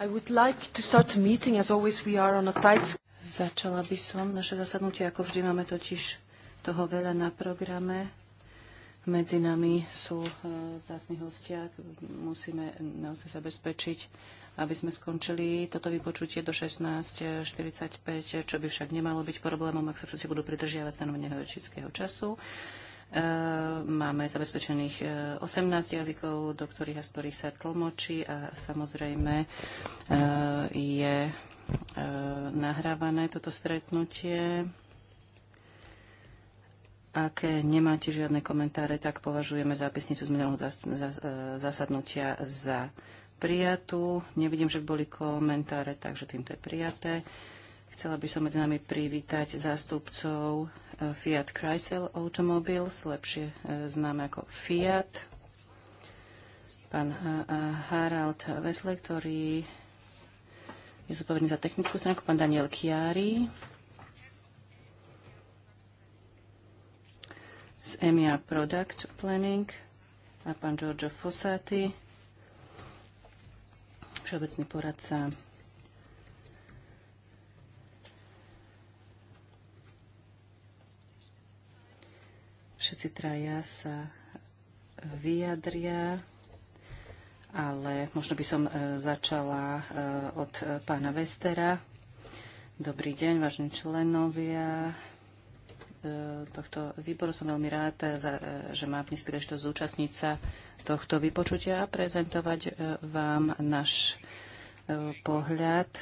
I would like to start meeting. As always, we are on a tight... Začala by som naše zasadnutie, ako vždy máme totiž toho veľa na programe. Medzi nami sú e, vzácni hostia. Musíme naozaj zabezpečiť, aby sme skončili toto vypočutie do 16.45, čo by však nemalo byť problémom, ak sa všetci budú pridržiavať stanovenia čískeho času. E, máme zabezpečených 18 e, jazykov, do ktorých a z ktorých sa tlmočí a samozrejme e, je nahrávané toto stretnutie. Ak nemáte žiadne komentáre, tak považujeme zápisnicu z minulého zasadnutia za prijatú. Nevidím, že boli komentáre, takže týmto je prijaté. Chcela by som medzi nami privítať zástupcov e, Fiat Chrysler Automobiles, lepšie e, známe ako Fiat. Pán e, Harald Vesle, ktorý je zodpovedný za technickú stránku, pán Daniel Chiari z EMIA Product Planning a pán Giorgio Fossati, všeobecný poradca Všetci traja sa vyjadria, ale možno by som e, začala e, od pána Vestera. Dobrý deň, vážení členovia e, tohto výboru. Som veľmi rád, že mám dnes príležitosť zúčastniť sa tohto vypočutia a prezentovať vám náš pohľad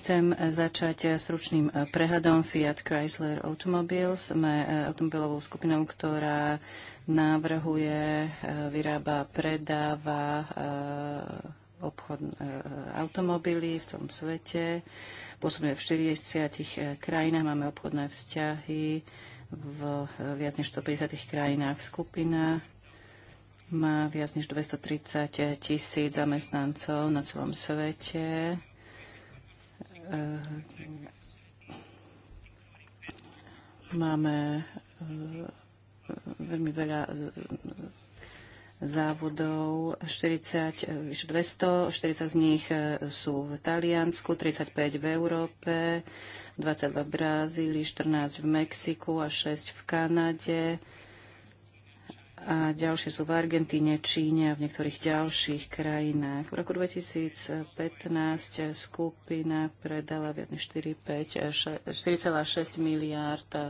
Chcem e, začať e, stručným e, prehľadom Fiat Chrysler Automobiles. Sme automobilovou skupinou, ktorá navrhuje, vyrába, predáva obchod automobily v celom svete. pôsobuje v 40 krajinách, máme obchodné vzťahy v viac než 150 krajinách. Skupina má viac než 230 tisíc zamestnancov na celom svete. Eh, máme eh, veľmi veľa eh, závodov, 40, 200, 40 z nich sú v Taliansku, 35 v Európe, 22 v Brazílii, 14 v Mexiku a 6 v Kanade a ďalšie sú v Argentíne, Číne a v niektorých ďalších krajinách. V roku 2015 skupina predala viac než 4,6 miliárd e,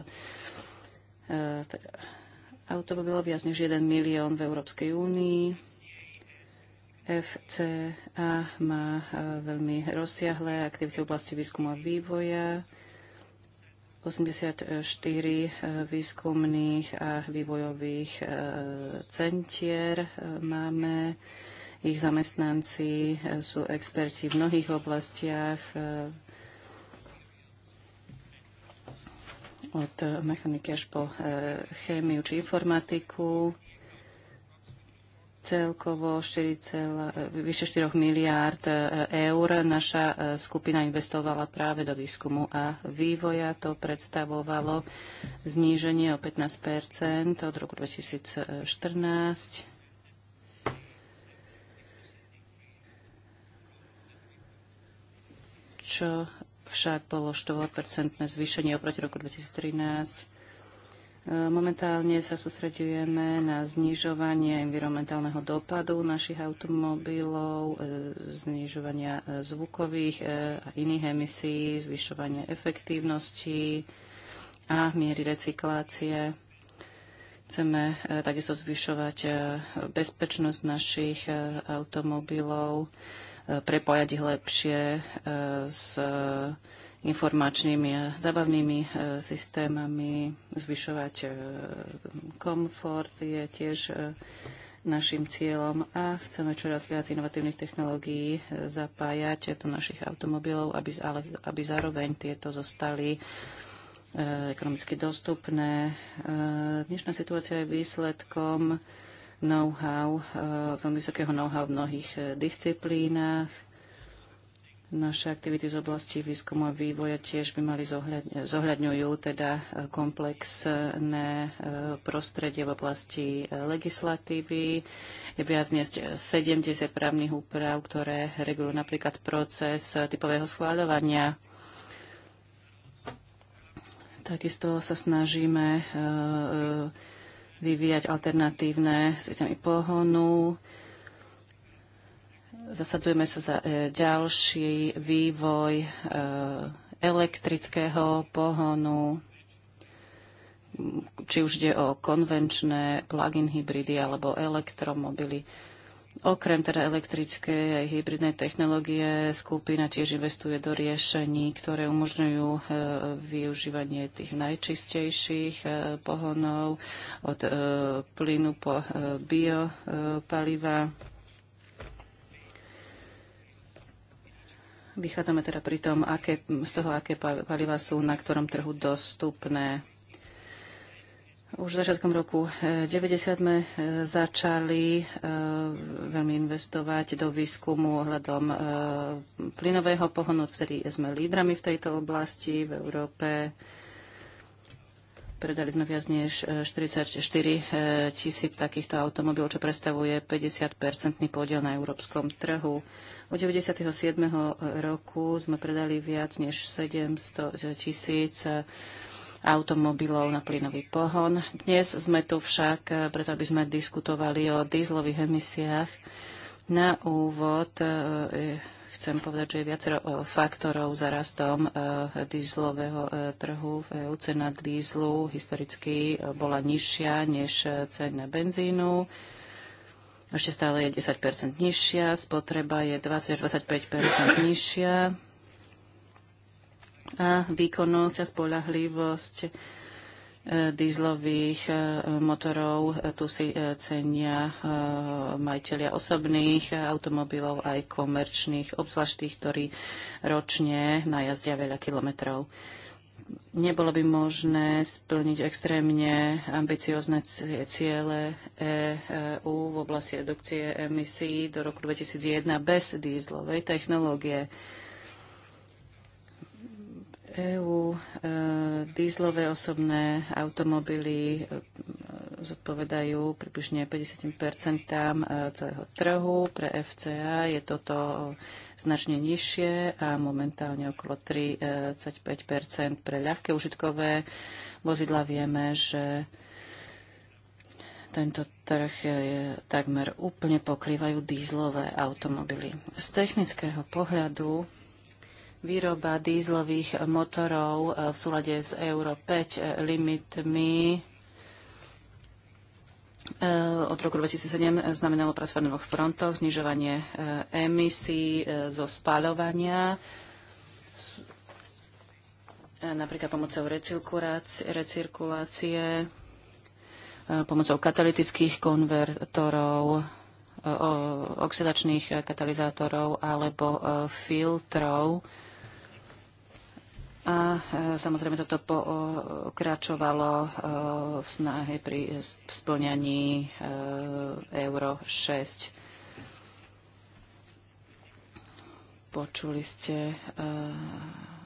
teda automobilov, viac než 1 milión v Európskej únii. FCA má e, veľmi rozsiahlé aktivity v oblasti výskumu a vývoja 84 eh, výskumných a vývojových eh, centier eh, máme. Ich zamestnanci sú experti v mnohých oblastiach, od mechaniky až po chémiu či informatiku celkovo 4, vyše 4 miliárd e, eur. Naša e, skupina investovala práve do výskumu a vývoja. To predstavovalo zníženie o 15 od roku 2014. čo však bolo 4% zvýšenie oproti roku 2013 Momentálne sa sústredujeme na znižovanie environmentálneho dopadu našich automobilov, e, znižovania e, zvukových e, a iných emisí, zvyšovanie efektívnosti a miery recyklácie. Chceme takisto zvyšovať bezpečnosť našich automobilov, prepojať ich lepšie s informačnými a zabavnými e, systémami, zvyšovať e, komfort je tiež e, našim cieľom a chceme čoraz viac inovatívnych technológií zapájať do našich automobilov, aby, ale, aby zároveň tieto zostali ekonomicky dostupné. Dnešná situácia je výsledkom know-how, veľmi vysokého know-how v mnohých disciplínach naše aktivity z oblasti výskumu a vývoja tiež by mali zohľadňujú teda e, komplexné e, prostredie v oblasti e, legislatívy. Je viac než 70 právnych úprav, ktoré regulujú napríklad proces typového schváľovania. Takisto sa snažíme vyvíjať alternatívne systémy pohonu, Zasadzujeme sa za e, ďalší vývoj e, elektrického pohonu, či už ide o konvenčné plug-in hybridy alebo elektromobily. Okrem teda elektrickej aj hybridnej technológie skupina tiež investuje do riešení, ktoré umožňujú e, využívanie tých najčistejších e, pohonov od e, plynu po e, biopaliva. Vychádzame teda pri tom, aké, z toho, aké paliva sú na ktorom trhu dostupné. Už začiatkom roku 90 eh, sme eh, začali eh, veľmi investovať do výskumu ohľadom plynového pohonu. Vtedy sme lídrami v tejto oblasti v Európe. Predali sme viac než 44 e, e, tisíc takýchto automobilov, čo predstavuje 50-percentný podiel na európskom trhu. Od 97. roku sme predali viac než 700 e, tisíc automobilov na plynový pohon. Dnes sme tu však, preto aby sme diskutovali o dízlových emisiách. Na úvod chcem povedať, že je viacero e, faktorov za rastom e, dízlového e, trhu. V EU cena dízlu historicky bola nižšia než cena benzínu. Ešte stále je 10 nižšia, spotreba je 20 až 25 nižšia a výkonnosť a spolahlivosť dízlových e, motorov. E, tu si e, cenia majiteľia osobných automobilov aj komerčných, obzvlášť tých, ktorí ročne najazdia veľa kilometrov. Nebolo by možné splniť extrémne ambiciozne ciele EU v oblasti redukcie emisí do roku 2001 bez dízlovej technológie EÚ e, dízlové osobné automobily e, zodpovedajú približne 50 e, celého trhu. Pre FCA je toto značne nižšie a momentálne okolo 35 pre ľahké užitkové vozidla. Vieme, že tento trh je, takmer úplne pokrývajú dízlové automobily. Z technického pohľadu výroba dízlových motorov e, v súlade s Euro 5 e, limitmi e, od roku 2007 znamenalo pracovanie dvoch frontoch, znižovanie emisí zo spaľovania, napríklad pomocou recirkulácie, pomocou katalytických konvertorov, oxidačných katalizátorov alebo filtrov a e, samozrejme toto pokračovalo e, v snahe pri splňaní e, Euro 6. Počuli ste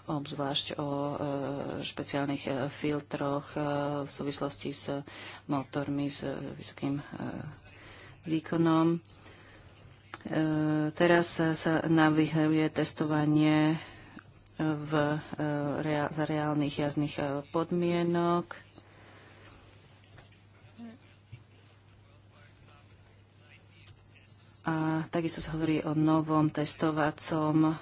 obzvlášť o špeciálnych filtroch v súvislosti s motormi s vysokým výkonom. Teraz sa navyhľuje testovanie v, e, rea, za reálnych jazdných e, podmienok. A takisto sa hovorí o novom testovacom e,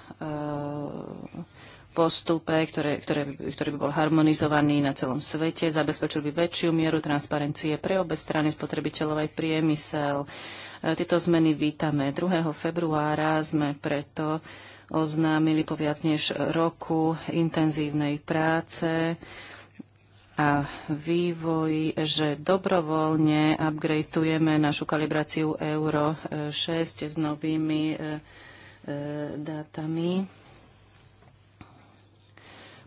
postupe, ktoré, ktoré, ktorý by bol harmonizovaný na celom svete, zabezpečil by väčšiu mieru transparencie pre obe strany, spotrebiteľov aj priemysel. Tieto zmeny vítame. 2. februára sme preto oznámili po viac než roku intenzívnej práce a vývoj, že dobrovoľne upgradeujeme našu kalibráciu Euro 6 e, s novými e, e, dátami.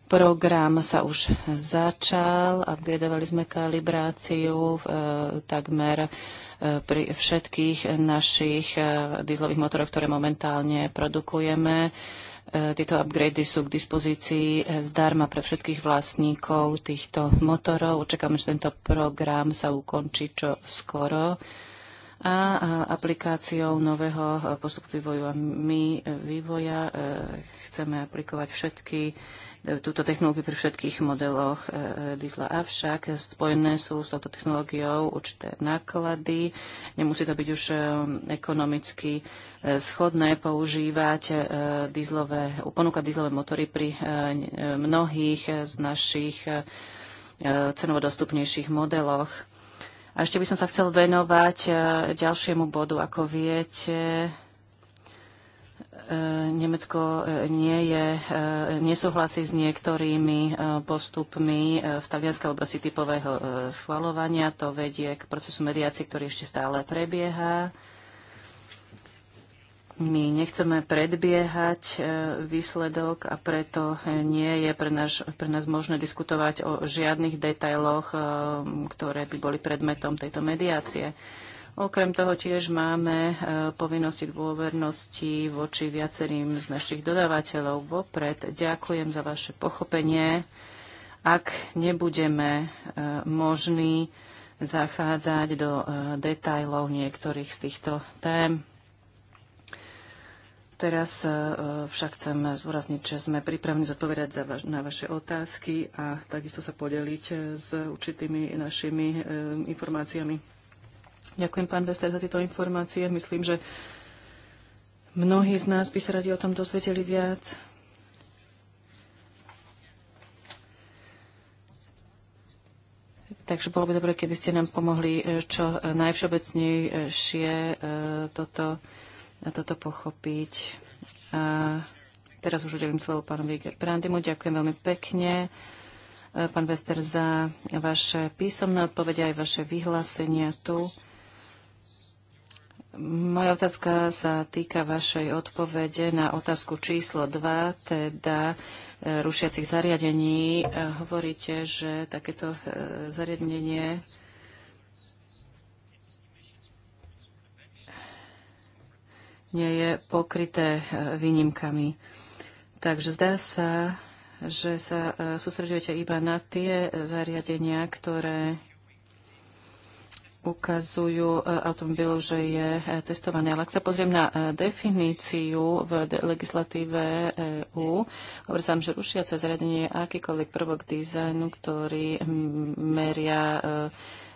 Program sa už začal, upgradeovali sme kalibráciu v takmer pri všetkých našich eh, dízlových motoroch, ktoré momentálne produkujeme. Eh, tieto upgrady sú k dispozícii eh, zdarma pre všetkých vlastníkov týchto motorov. Očakávame, že tento program sa ukončí čo skoro a aplikáciou nového postupu vývoju a my vývoja chceme aplikovať všetky túto technológiu pri všetkých modeloch e, e, diesla. Avšak spojené sú s touto technológiou určité náklady. Nemusí to byť už e, ekonomicky schodné používať dieslové, ponúkať dieslové motory pri mnohých z našich cenovo dostupnejších modeloch. A ešte by som sa chcel venovať ďalšiemu bodu. Ako viete, E, Nemecko e, nie je, e, nesúhlasí s niektorými postupmi v Talianskej oblasti typového schvalovania. To vedie k procesu mediácie, ktorý ešte stále prebieha. My nechceme predbiehať výsledok a preto nie je pre nás, pre nás možné diskutovať o žiadnych detailoch, ktoré by boli predmetom tejto mediácie. Okrem toho tiež máme e, povinnosti dôvernosti voči viacerým z našich dodávateľov vopred. Ďakujem za vaše pochopenie. Ak nebudeme e, možní zachádzať do e, detajlov niektorých z týchto tém, Teraz však chcem zúrazniť, že sme pripravení zodpovedať na vaše otázky a takisto sa podeliť s určitými našimi informáciami. Ďakujem, pán Vester, za tieto informácie. Myslím, že mnohí z nás by sa radi o tom dozvedeli viac. Takže bolo by dobre, keby ste nám pomohli e, čo e, najvšeobecnejšie e, toto, toto pochopiť. A teraz už udelím slovo pánovi Brandimu. Ďakujem veľmi pekne pán Vester, za vaše písomné odpovede aj vaše vyhlásenia tu. Moja otázka sa týka vašej odpovede na otázku číslo 2, teda e, rušiacich zariadení. E, hovoríte, že takéto e, zariadenie nie je pokryté výnimkami. Takže zdá sa, že sa sústredujete iba na tie zariadenia, ktoré ukazujú e, automobilu, že je e, testovaný. Ale ak sa pozriem na e, definíciu v legislatíve EU, hovorí sa, že rušiace zariadenie je akýkoľvek prvok dizajnu, ktorý meria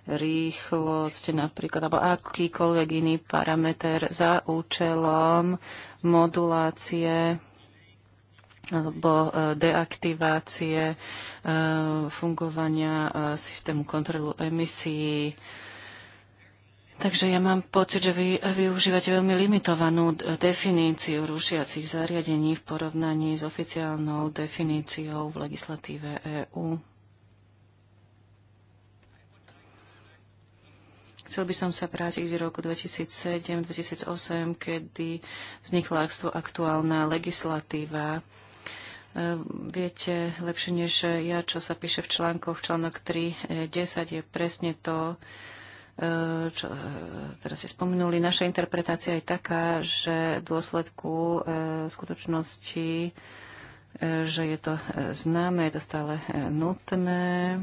rýchlosť napríklad, alebo akýkoľvek iný parameter za účelom modulácie alebo deaktivácie fungovania systému kontrolu emisí, Takže ja mám pocit, že vy využívate veľmi limitovanú definíciu rušiacich zariadení v porovnaní s oficiálnou definíciou v legislatíve EÚ. Chcel by som sa vrátiť v roku 2007-2008, kedy vznikla aktuálna legislatíva. E, viete lepšie než ja, čo sa píše v článkoch. Článok 3.10 e, je presne to, Eh, čo eh, teraz ste spomenuli, naša interpretácia je taká, že v dôsledku eh, skutočnosti, že je to známe, je to stále nutné.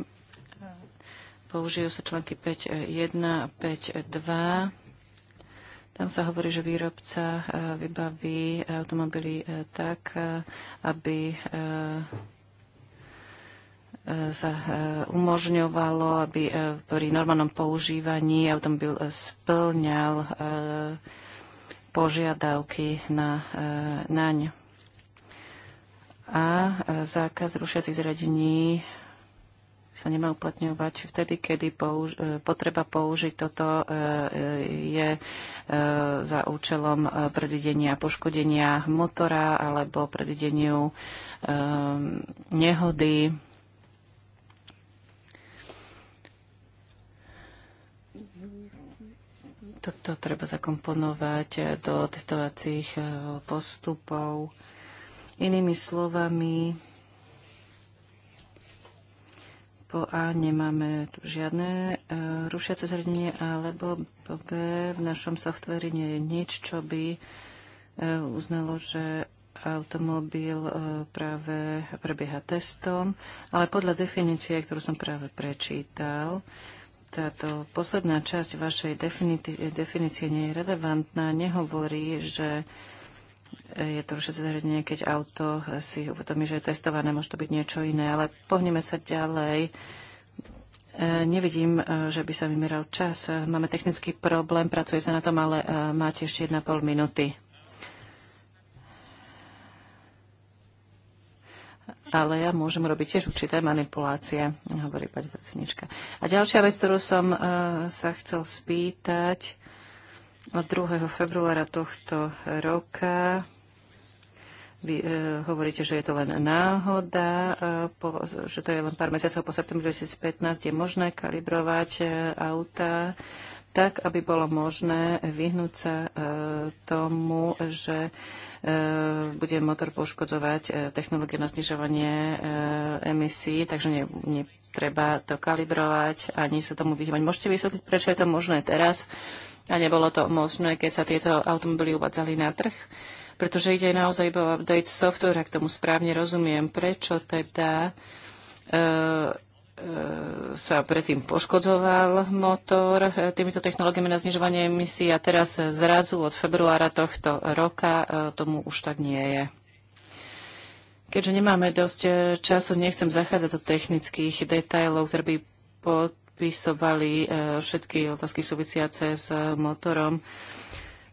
Použijú sa články 5.1 a 5.2. Tam sa hovorí, že výrobca vybaví automobily tak, aby sa e, umožňovalo, aby e, pri normálnom používaní automobil splňal e, požiadavky na, naň. A zákaz rušiacich zradení sa nemá uplatňovať vtedy, kedy použ- potreba použiť toto je za účelom predvidenia poškodenia motora alebo predvideniu nehody toto treba zakomponovať eh, do testovacích eh, postupov. Inými slovami, po A nemáme tu žiadne e, rušiace zariadenie, alebo po B v našom softveri nie je nič, čo by uznalo, že automobil práve prebieha testom, ale podľa definície, ktorú som práve prečítal, táto posledná časť vašej definície nie je relevantná. Nehovorí, že e, je to už zariadenie, keď auto si uvedomí, že je testované, môže to byť niečo iné, ale pohneme sa ďalej. E, nevidím, e, že by sa vymeral čas. Máme technický problém, pracuje sa na tom, ale máte ešte 1,5 minúty. ale ja môžem robiť tiež určité manipulácie, hovorí pani predsednička. A ďalšia vec, ktorú som uh, sa chcel spýtať, od 2. februára tohto roka vy uh, hovoríte, že je to len náhoda, uh, po, že to je len pár mesiacov po septembri 2015, je možné kalibrovať uh, auta tak aby bolo možné vyhnúť sa e, tomu, že e, bude motor poškodzovať e, technológie na znižovanie emisí, takže ne, ne treba to kalibrovať, ani sa tomu vyhýbať. Môžete vysvetliť, prečo je to možné teraz a nebolo to možné, keď sa tieto automobily uvádzali na trh? Pretože ide naozaj iba o update software, ak tomu správne rozumiem. Prečo teda E, sa predtým poškodzoval motor e, týmito technológiami na znižovanie emisí a teraz zrazu od februára tohto roka e, tomu už tak nie je. Keďže nemáme dosť času, nechcem zachádzať do technických detajlov, ktoré by podpisovali všetky otázky súvisiace s motorom.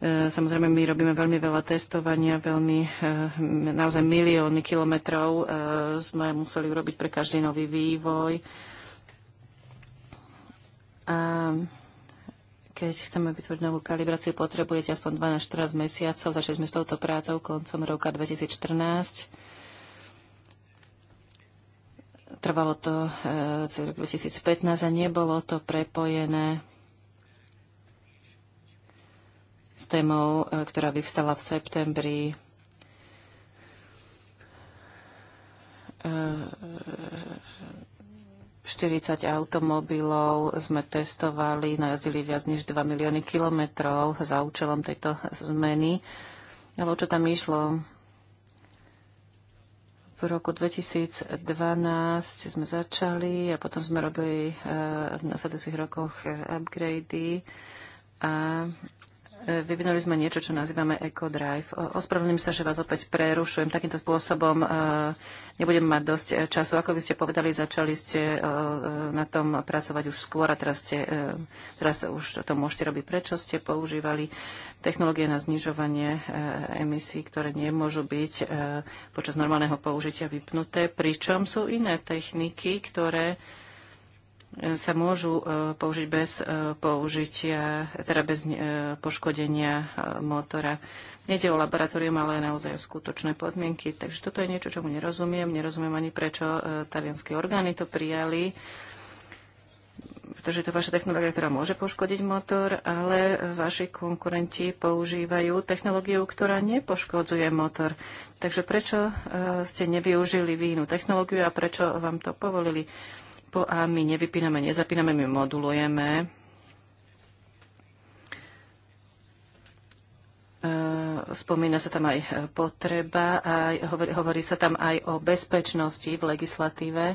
Samozrejme, my robíme veľmi veľa testovania, veľmi, eh, naozaj milióny kilometrov eh, sme museli urobiť pre každý nový vývoj. A keď chceme vytvoriť novú kalibráciu, potrebujete aspoň 12-14 mesiacov. Začali sme s touto prácou koncom roka 2014. Trvalo to eh, celý rok 2015 a nebolo to prepojené s témou, e, ktorá vyvstala v septembri e, 40 automobilov sme testovali, najazdili viac než 2 milióny kilometrov za účelom tejto zmeny. Ale o čo tam išlo? V roku 2012 sme začali a potom sme robili e, v následujúcich rokoch e, upgrady a Vyvinuli sme niečo, čo nazývame EcoDrive. Ospravedlňujem sa, že vás opäť prerušujem takýmto spôsobom. E, nebudem mať dosť e, času. Ako vy ste povedali, začali ste e, na tom pracovať už skôr a teraz, ste, teraz už to môžete robiť. Prečo ste používali technológie na znižovanie emisí, ktoré nemôžu byť počas normálneho použitia vypnuté, pričom sú iné techniky, ktoré sa môžu e, použiť bez e, použitia, teda bez e, poškodenia motora. Nede o laboratórium, ale naozaj o skutočné podmienky. Takže toto je niečo, čomu nerozumiem. Nerozumiem ani prečo talianské orgány to prijali pretože to vaša technológia, ktorá môže poškodiť motor, ale vaši konkurenti používajú technológiu, ktorá nepoškodzuje motor. Takže prečo ste nevyužili vy technológiu a prečo vám to povolili? po A my nevypíname, nezapíname, my modulujeme. E, spomína sa tam aj potreba, a hovorí, hovorí sa tam aj o bezpečnosti v legislatíve.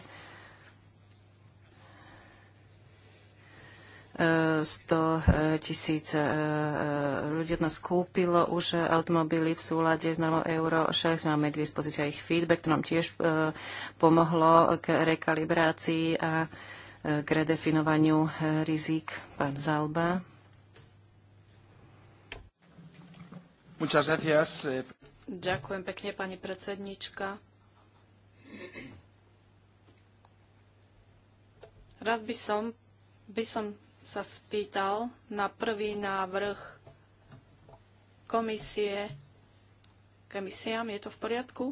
100 tisíc e, e, ľudí od nás kúpilo už automobily v súlade s normou Euro 6. Máme k dispozícii ich feedback, to nám tiež e, pomohlo k rekalibrácii a k redefinovaniu rizík. Pán Zalba. Eh. Ďakujem pekne, pani predsednička. Rád by som, by som sa spýtal na prvý návrh komisie. Komisiám je to v poriadku?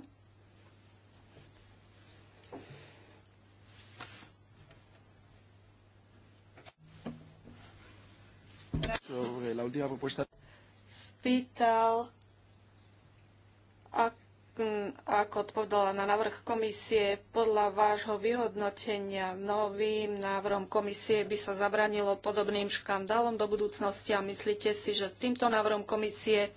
Spýtal, ak Mm, ako odpovedala na návrh komisie, podľa vášho vyhodnotenia novým návrhom komisie by sa zabranilo podobným škandálom do budúcnosti a myslíte si, že s týmto návrhom komisie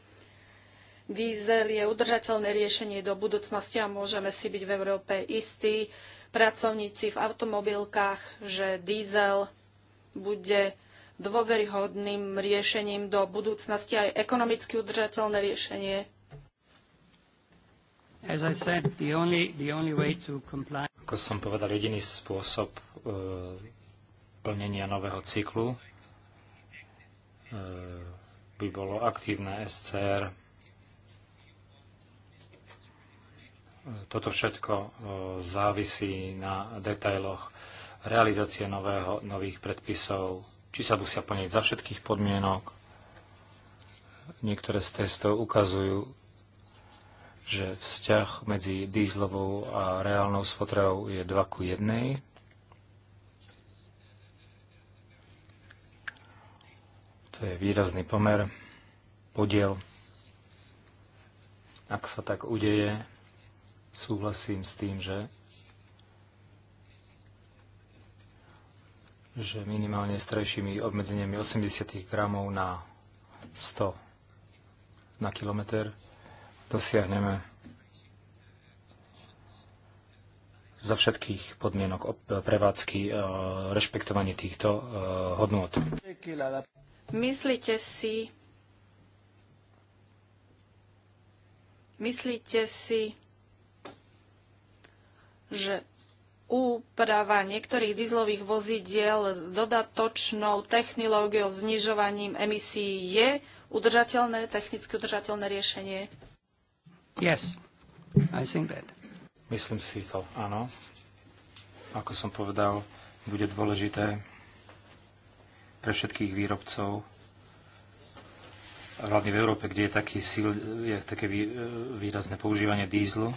diesel je udržateľné riešenie do budúcnosti a môžeme si byť v Európe istí, pracovníci v automobilkách, že diesel bude dôveryhodným riešením do budúcnosti aj ekonomicky udržateľné riešenie ako som povedal, jediný spôsob e, plnenia nového cyklu e, by bolo aktívne SCR. Toto všetko e, závisí na detailoch realizácie nového, nových predpisov, či sa musia plniť za všetkých podmienok. Niektoré z testov ukazujú, že vzťah medzi dýzlovou a reálnou spotrebou je 2 ku 1. To je výrazný pomer, podiel. Ak sa tak udeje, súhlasím s tým, že že minimálne s trejšími obmedzeniami 80 gramov na 100 na kilometr dosiahneme za všetkých podmienok prevádzky e, rešpektovanie týchto e, hodnôt. Myslíte si, myslíte si, že úprava niektorých dizlových vozidiel s dodatočnou technológiou znižovaním emisí je udržateľné, technicky udržateľné riešenie? Yes, I think that. Myslím si to, áno. Ako som povedal, bude dôležité pre všetkých výrobcov, hlavne v Európe, kde je, taký síl, je také e, výrazné používanie dízlu,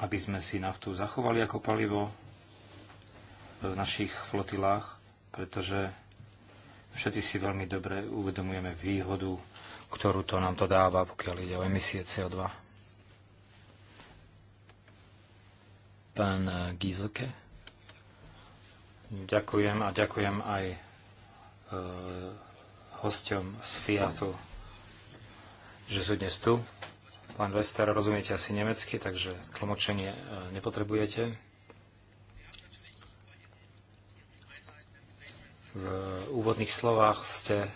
aby sme si naftu zachovali ako palivo v našich flotilách, pretože Všetci si veľmi dobre uvedomujeme výhodu, ktorú to nám to dáva, pokiaľ ide o emisie CO2. Pán Gizelke. Ďakujem a ďakujem aj e, hosťom z Fiatu, že sú dnes tu. Pán Wester, rozumiete asi nemecky, takže tlmočenie e, nepotrebujete. V úvodných slovách ste e,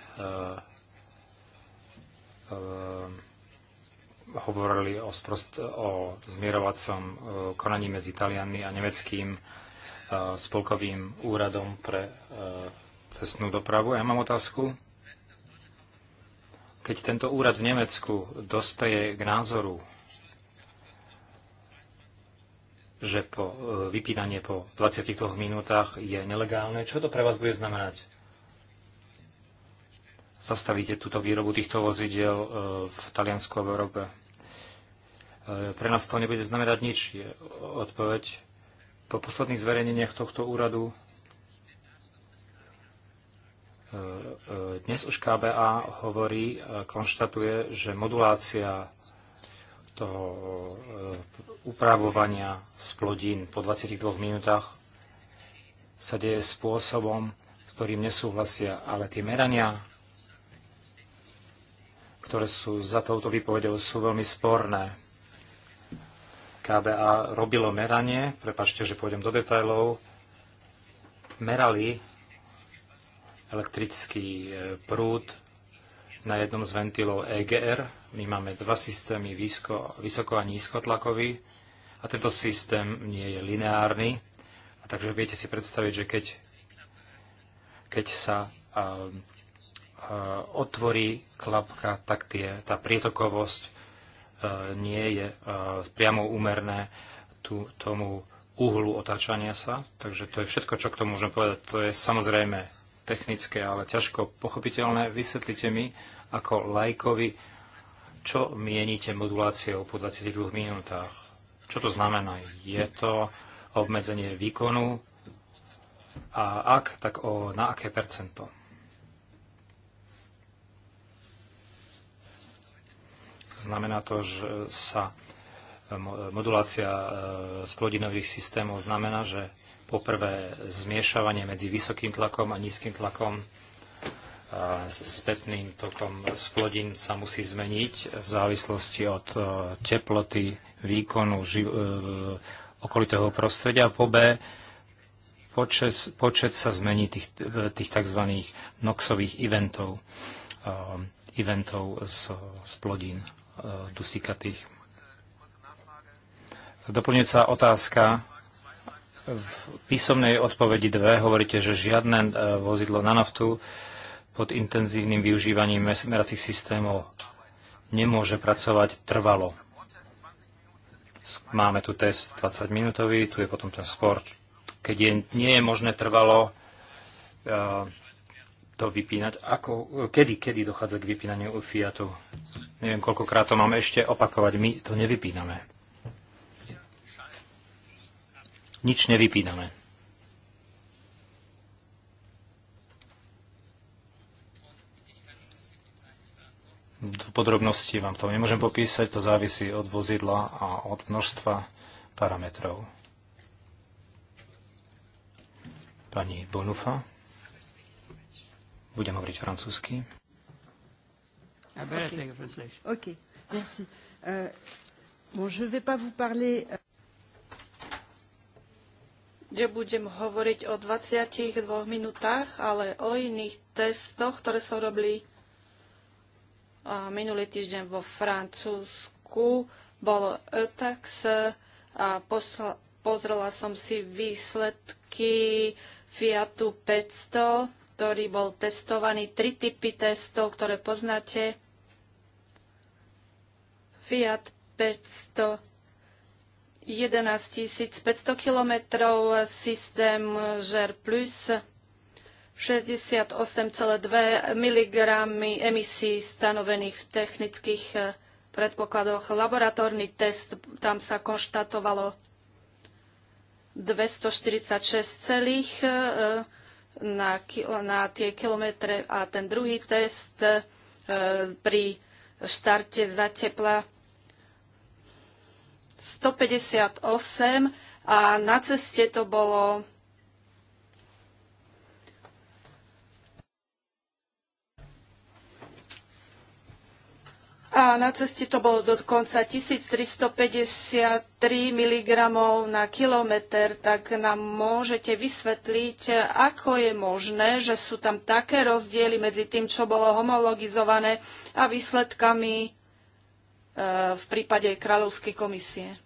e, hovorili o, sprost, o zmierovacom e, konaní medzi Talianmi a nemeckým spolkovým úradom pre cestnú dopravu. Ja mám otázku. Keď tento úrad v Nemecku dospeje k názoru, že po e, vypínanie po 22 minútach je nelegálne. Čo to pre vás bude znamenať? Zastavíte túto výrobu týchto vozidel e, v Taliansku a v Európe? E, pre nás to nebude znamenať nič, je odpoveď. Po posledných zverejneniach tohto úradu dnes už KBA hovorí, konštatuje, že modulácia toho e, upravovania z plodín po 22 minútach sa deje spôsobom, s ktorým nesúhlasia, ale tie merania, ktoré sú za touto výpovedou, sú veľmi sporné. KBA robilo meranie, prepačte, že pôjdem do detajlov, merali elektrický e, prúd na jednom z ventilov EGR. My máme dva systémy výsko, vysoko a nízkotlakový a tento systém nie je lineárny. A takže viete si predstaviť, že keď, keď sa a, um, a, uh, otvorí klapka, tak tie, tá prietokovosť a, uh, nie je a, uh, priamo úmerné tu, tomu uhlu otáčania sa. Takže to je všetko, čo k tomu môžem povedať. To je samozrejme technické, ale ťažko pochopiteľné. Vysvetlite mi ako lajkovi, čo mienite moduláciou po 22 minútach. Čo to znamená? Je to obmedzenie výkonu? A ak, tak o, na aké percento? Znamená to, že sa modulácia e, splodinových systémov znamená, že Poprvé zmiešavanie medzi vysokým tlakom a nízkym tlakom a spätným tokom splodín sa musí zmeniť v závislosti od e, teploty, výkonu ži- e, okolitého prostredia. Po B počes, počet sa zmení tých, e, tých tzv. noxových eventov, eventov z, z plodín dusíkatých. Doplňujúca otázka v písomnej odpovedi 2 hovoríte, že žiadne e, vozidlo na naftu pod intenzívnym využívaním meracích systémov nemôže pracovať trvalo. Máme tu test 20-minútový, tu je potom ten spor. Keď je, nie je možné trvalo e, to vypínať, ako, kedy, kedy dochádza k vypínaniu Fiatu. Neviem, koľkokrát to mám ešte opakovať, my to nevypíname. Nič nevypíname. Do podrobností vám to nemôžem popísať, to závisí od vozidla a od množstva parametrov. Pani Bonufa, budem hovoriť francúzsky. Okay. Okay. Merci. Euh, bon, je vais pas vous parler... Euh, kde budem hovoriť o 22 minútach, ale o iných testoch, ktoré som robili minulý týždeň vo Francúzsku. Bolo ETAX a pozrela som si výsledky Fiatu 500, ktorý bol testovaný, tri typy testov, ktoré poznáte. Fiat 500 11 500 kilometrov, systém ŽER plus 68,2 mg emisí stanovených v technických eh, predpokladoch. Laboratórny test, tam sa konštatovalo 246 celých eh, na, na tie kilometre a ten druhý test eh, pri štarte tepla. 158 a na ceste to bolo A na ceste to bolo dokonca 1353 mg na kilometr, tak nám môžete vysvetliť, ako je možné, že sú tam také rozdiely medzi tým, čo bolo homologizované a výsledkami Eh, v prípade Kráľovskej komisie?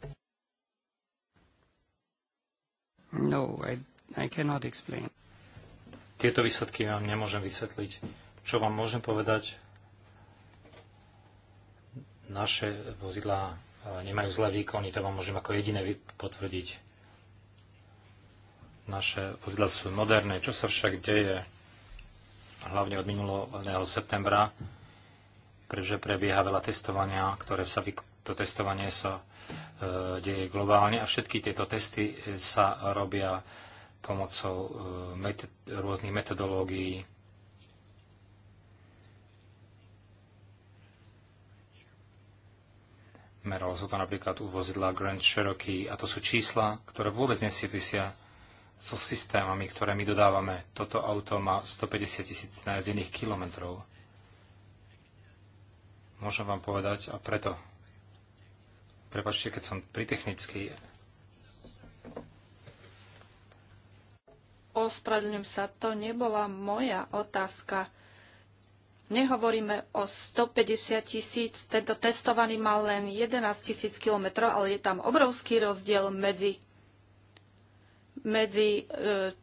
No, I, I cannot explain. Tieto výsledky vám nemôžem vysvetliť. Čo vám môžem povedať? Naše vozidlá eh, nemajú zlé výkony, to vám môžem ako jediné potvrdiť. Naše vozidlá sú moderné. Čo sa však deje, hlavne od minulého septembra, pretože prebieha veľa testovania, ktoré sa to testovanie sa e, deje globálne a všetky tieto testy sa robia pomocou e, met- rôznych metodológií. Meralo sa to napríklad u vozidla Grand Cherokee a to sú čísla, ktoré vôbec nesúvisia so systémami, ktoré my dodávame. Toto auto má 150 tisíc najazdených kilometrov môžem vám povedať a preto prepačte, keď som pritechnický. Ospravedlňujem sa, to nebola moja otázka. Nehovoríme o 150 tisíc, tento testovaný mal len 11 tisíc kilometrov, ale je tam obrovský rozdiel medzi medzi e,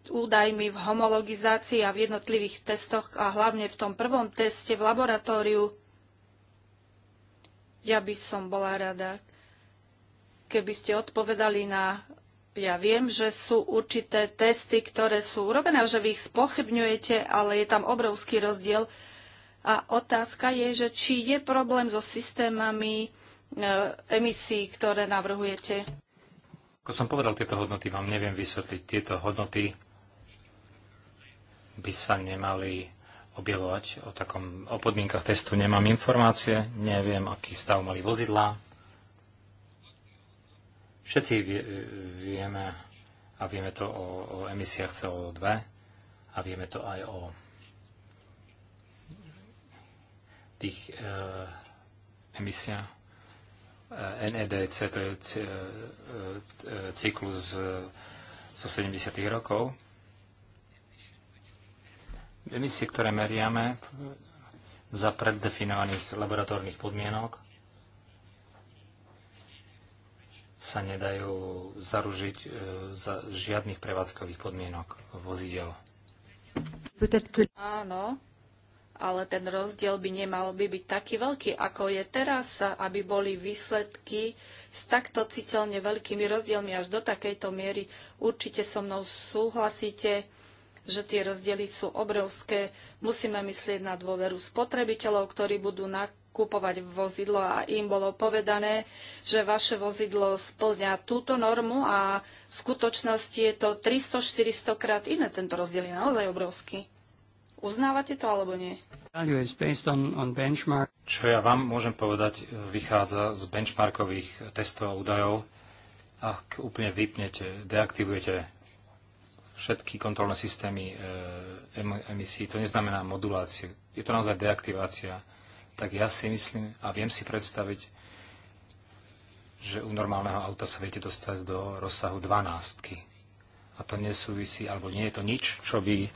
údajmi v homologizácii a v jednotlivých testoch a hlavne v tom prvom teste v laboratóriu ja by som bola rada, keby ste odpovedali na... Ja viem, že sú určité testy, ktoré sú urobené, že vy ich spochybňujete, ale je tam obrovský rozdiel. A otázka je, že či je problém so systémami e, emisí, ktoré navrhujete. Ako som povedal, tieto hodnoty vám neviem vysvetliť. Tieto hodnoty by sa nemali objavovať. O, takom, o podmienkach testu nemám informácie, neviem, aký stav mali vozidlá. Všetci vieme a vieme to o, o emisiách CO2 a vieme to aj o tých e, emisiách e, NEDC, to je e, e, cyklus zo 70. rokov Emisie, ktoré meriame za preddefinovaných laboratórnych podmienok, sa nedajú zaružiť e, za žiadnych prevádzkových podmienok vozidel. Áno, ale ten rozdiel by nemal by byť taký veľký, ako je teraz, aby boli výsledky s takto citeľne veľkými rozdielmi až do takejto miery. Určite so mnou súhlasíte že tie rozdiely sú obrovské. Musíme myslieť na dôveru spotrebiteľov, ktorí budú nakupovať vozidlo a im bolo povedané, že vaše vozidlo splňa túto normu a v skutočnosti je to 300-400 krát iné. Tento rozdiel je naozaj obrovský. Uznávate to alebo nie? Čo ja vám môžem povedať, e, vychádza z benchmarkových testov a údajov. Ak úplne vypnete, deaktivujete všetky kontrolné systémy e, emisí. To neznamená modulácie. Je to naozaj deaktivácia. Tak ja si myslím a viem si predstaviť, že u normálneho auta sa viete dostať do rozsahu 12. A to nesúvisí, alebo nie je to nič, čo by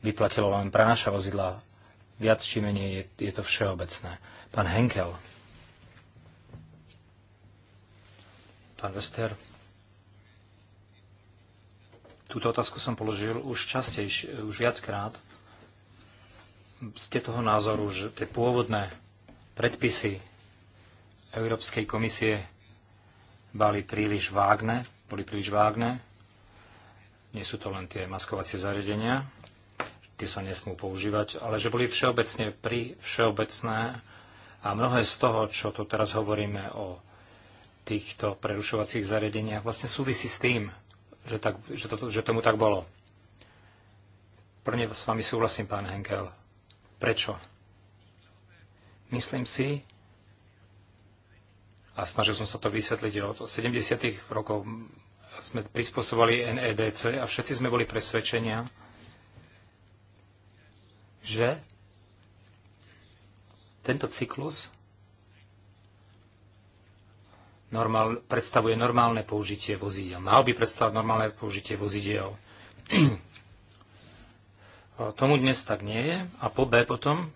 vyplatilo len pre naše vozidla. Viac či menej je, je to všeobecné. Pán Henkel. Pán Wester. Túto otázku som položil už častejšie, už viackrát. Ste toho názoru, že tie pôvodné predpisy Európskej komisie boli príliš vágne, boli príliš vágne. Nie sú to len tie maskovacie zariadenia, tie sa nesmú používať, ale že boli všeobecne pri všeobecné a mnohé z toho, čo tu teraz hovoríme o týchto prerušovacích zariadeniach, vlastne súvisí s tým, že, tak, že, to, že tomu tak bolo. Prvne s vami súhlasím, pán Henkel. Prečo? Myslím si, a snažil som sa to vysvetliť, od 70. rokov sme prispôsobovali NEDC a všetci sme boli presvedčenia, že tento cyklus normál, predstavuje normálne použitie vozidel. Mal by predstavovať normálne použitie vozidiel. Tomu dnes tak nie je. A po B potom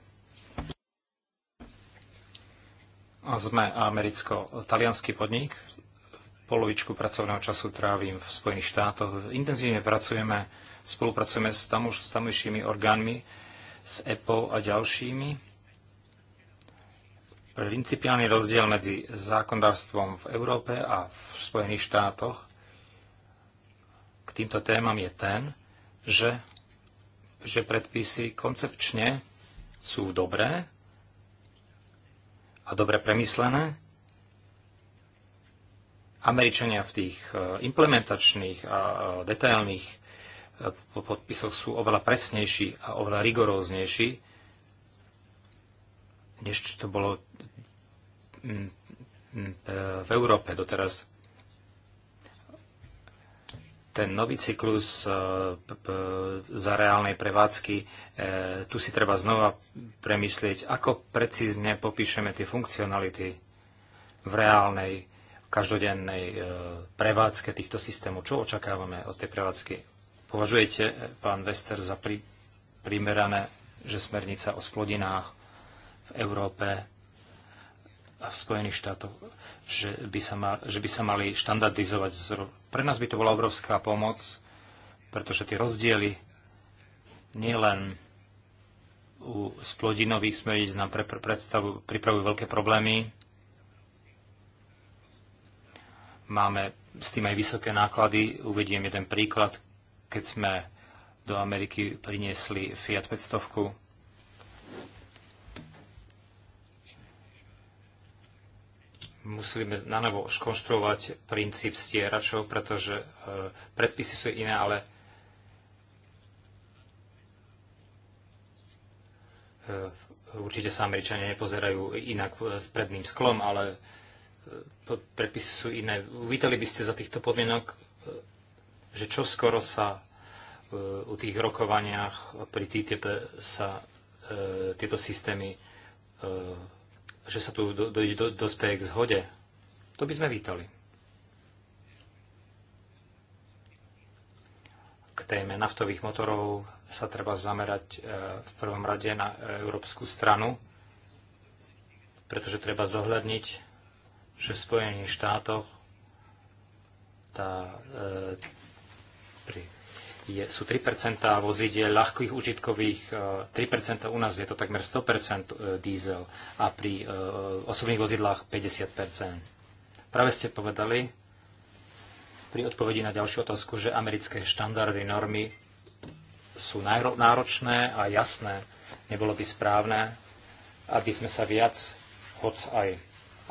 a sme americko-talianský podnik. Polovičku pracovného času trávim v Spojených štátoch. Intenzívne pracujeme, spolupracujeme s, tamuž, s tamujšími orgánmi, s EPO a ďalšími Principiálny rozdiel medzi zákonodárstvom v Európe a v Spojených štátoch k týmto témam je ten, že, že predpisy koncepčne sú dobré a dobre premyslené. Američania v tých e, implementačných a e, detailných e, podpisoch sú oveľa presnejší a oveľa rigoróznejší, než to bolo v Európe doteraz. Ten nový cyklus e, za reálnej prevádzky, e, tu si treba znova premyslieť, ako precízne popíšeme tie funkcionality v reálnej, každodennej e, prevádzke týchto systémov. Čo očakávame od tej prevádzky? Považujete, pán Wester, za pri, primerané, že smernica o splodinách v Európe a v Spojených štátoch, že by sa, mal, že by sa mali štandardizovať. Pre nás by to bola obrovská pomoc, pretože tie rozdiely nielen u splodinových smerníc nám pre, pre, predstavu, pripravujú veľké problémy. Máme s tým aj vysoké náklady. Uvediem jeden príklad. Keď sme do Ameriky priniesli Fiat 500, musíme na novo skonštruovať princíp stieračov, pretože e, predpisy sú iné, ale e, určite sa Američania nepozerajú inak e, s predným sklom, ale predpisy sú iné. Uvítali by ste za týchto podmienok, že čo skoro sa u tých rokovaniach pri TTIP sa tieto systémy že sa tu do, do, do, dospeje k zhode. To by sme vítali. K téme naftových motorov sa treba zamerať e, v prvom rade na európsku stranu, pretože treba zohľadniť, že v Spojených štátoch tá, e, pri je, sú 3 vozidiel ľahkých užitkových, 3 e, u nás je to takmer 100 e, diesel a pri e, osobných vozidlách 50 Práve ste povedali pri odpovedi na ďalšiu otázku, že americké štandardy, normy sú náročné a jasné. Nebolo by správne, aby sme sa viac, hoc aj,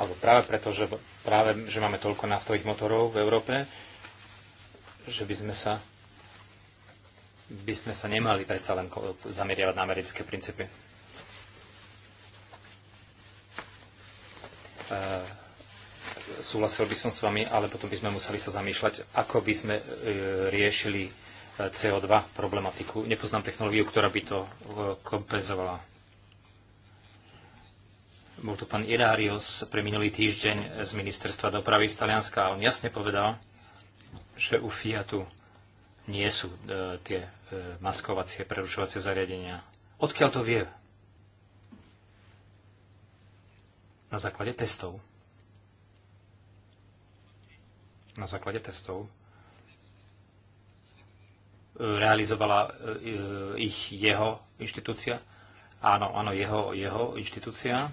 alebo práve preto, že, práve, že máme toľko naftových motorov v Európe, že by sme sa by sme sa nemali predsa len zameriavať na americké princípy. E, súhlasil by som s vami, ale potom by sme museli sa zamýšľať, ako by sme e, riešili e, CO2 problematiku. Nepoznám technológiu, ktorá by to kompenzovala. Bol tu pán Irarios pre minulý týždeň z ministerstva dopravy z Talianska a on jasne povedal, že u Fiatu nie sú e, tie e, maskovacie, prerušovacie zariadenia. Odkiaľ to vie? Na základe testov. Na základe testov e, realizovala e, e, ich jeho inštitúcia. Áno, áno, jeho, jeho inštitúcia.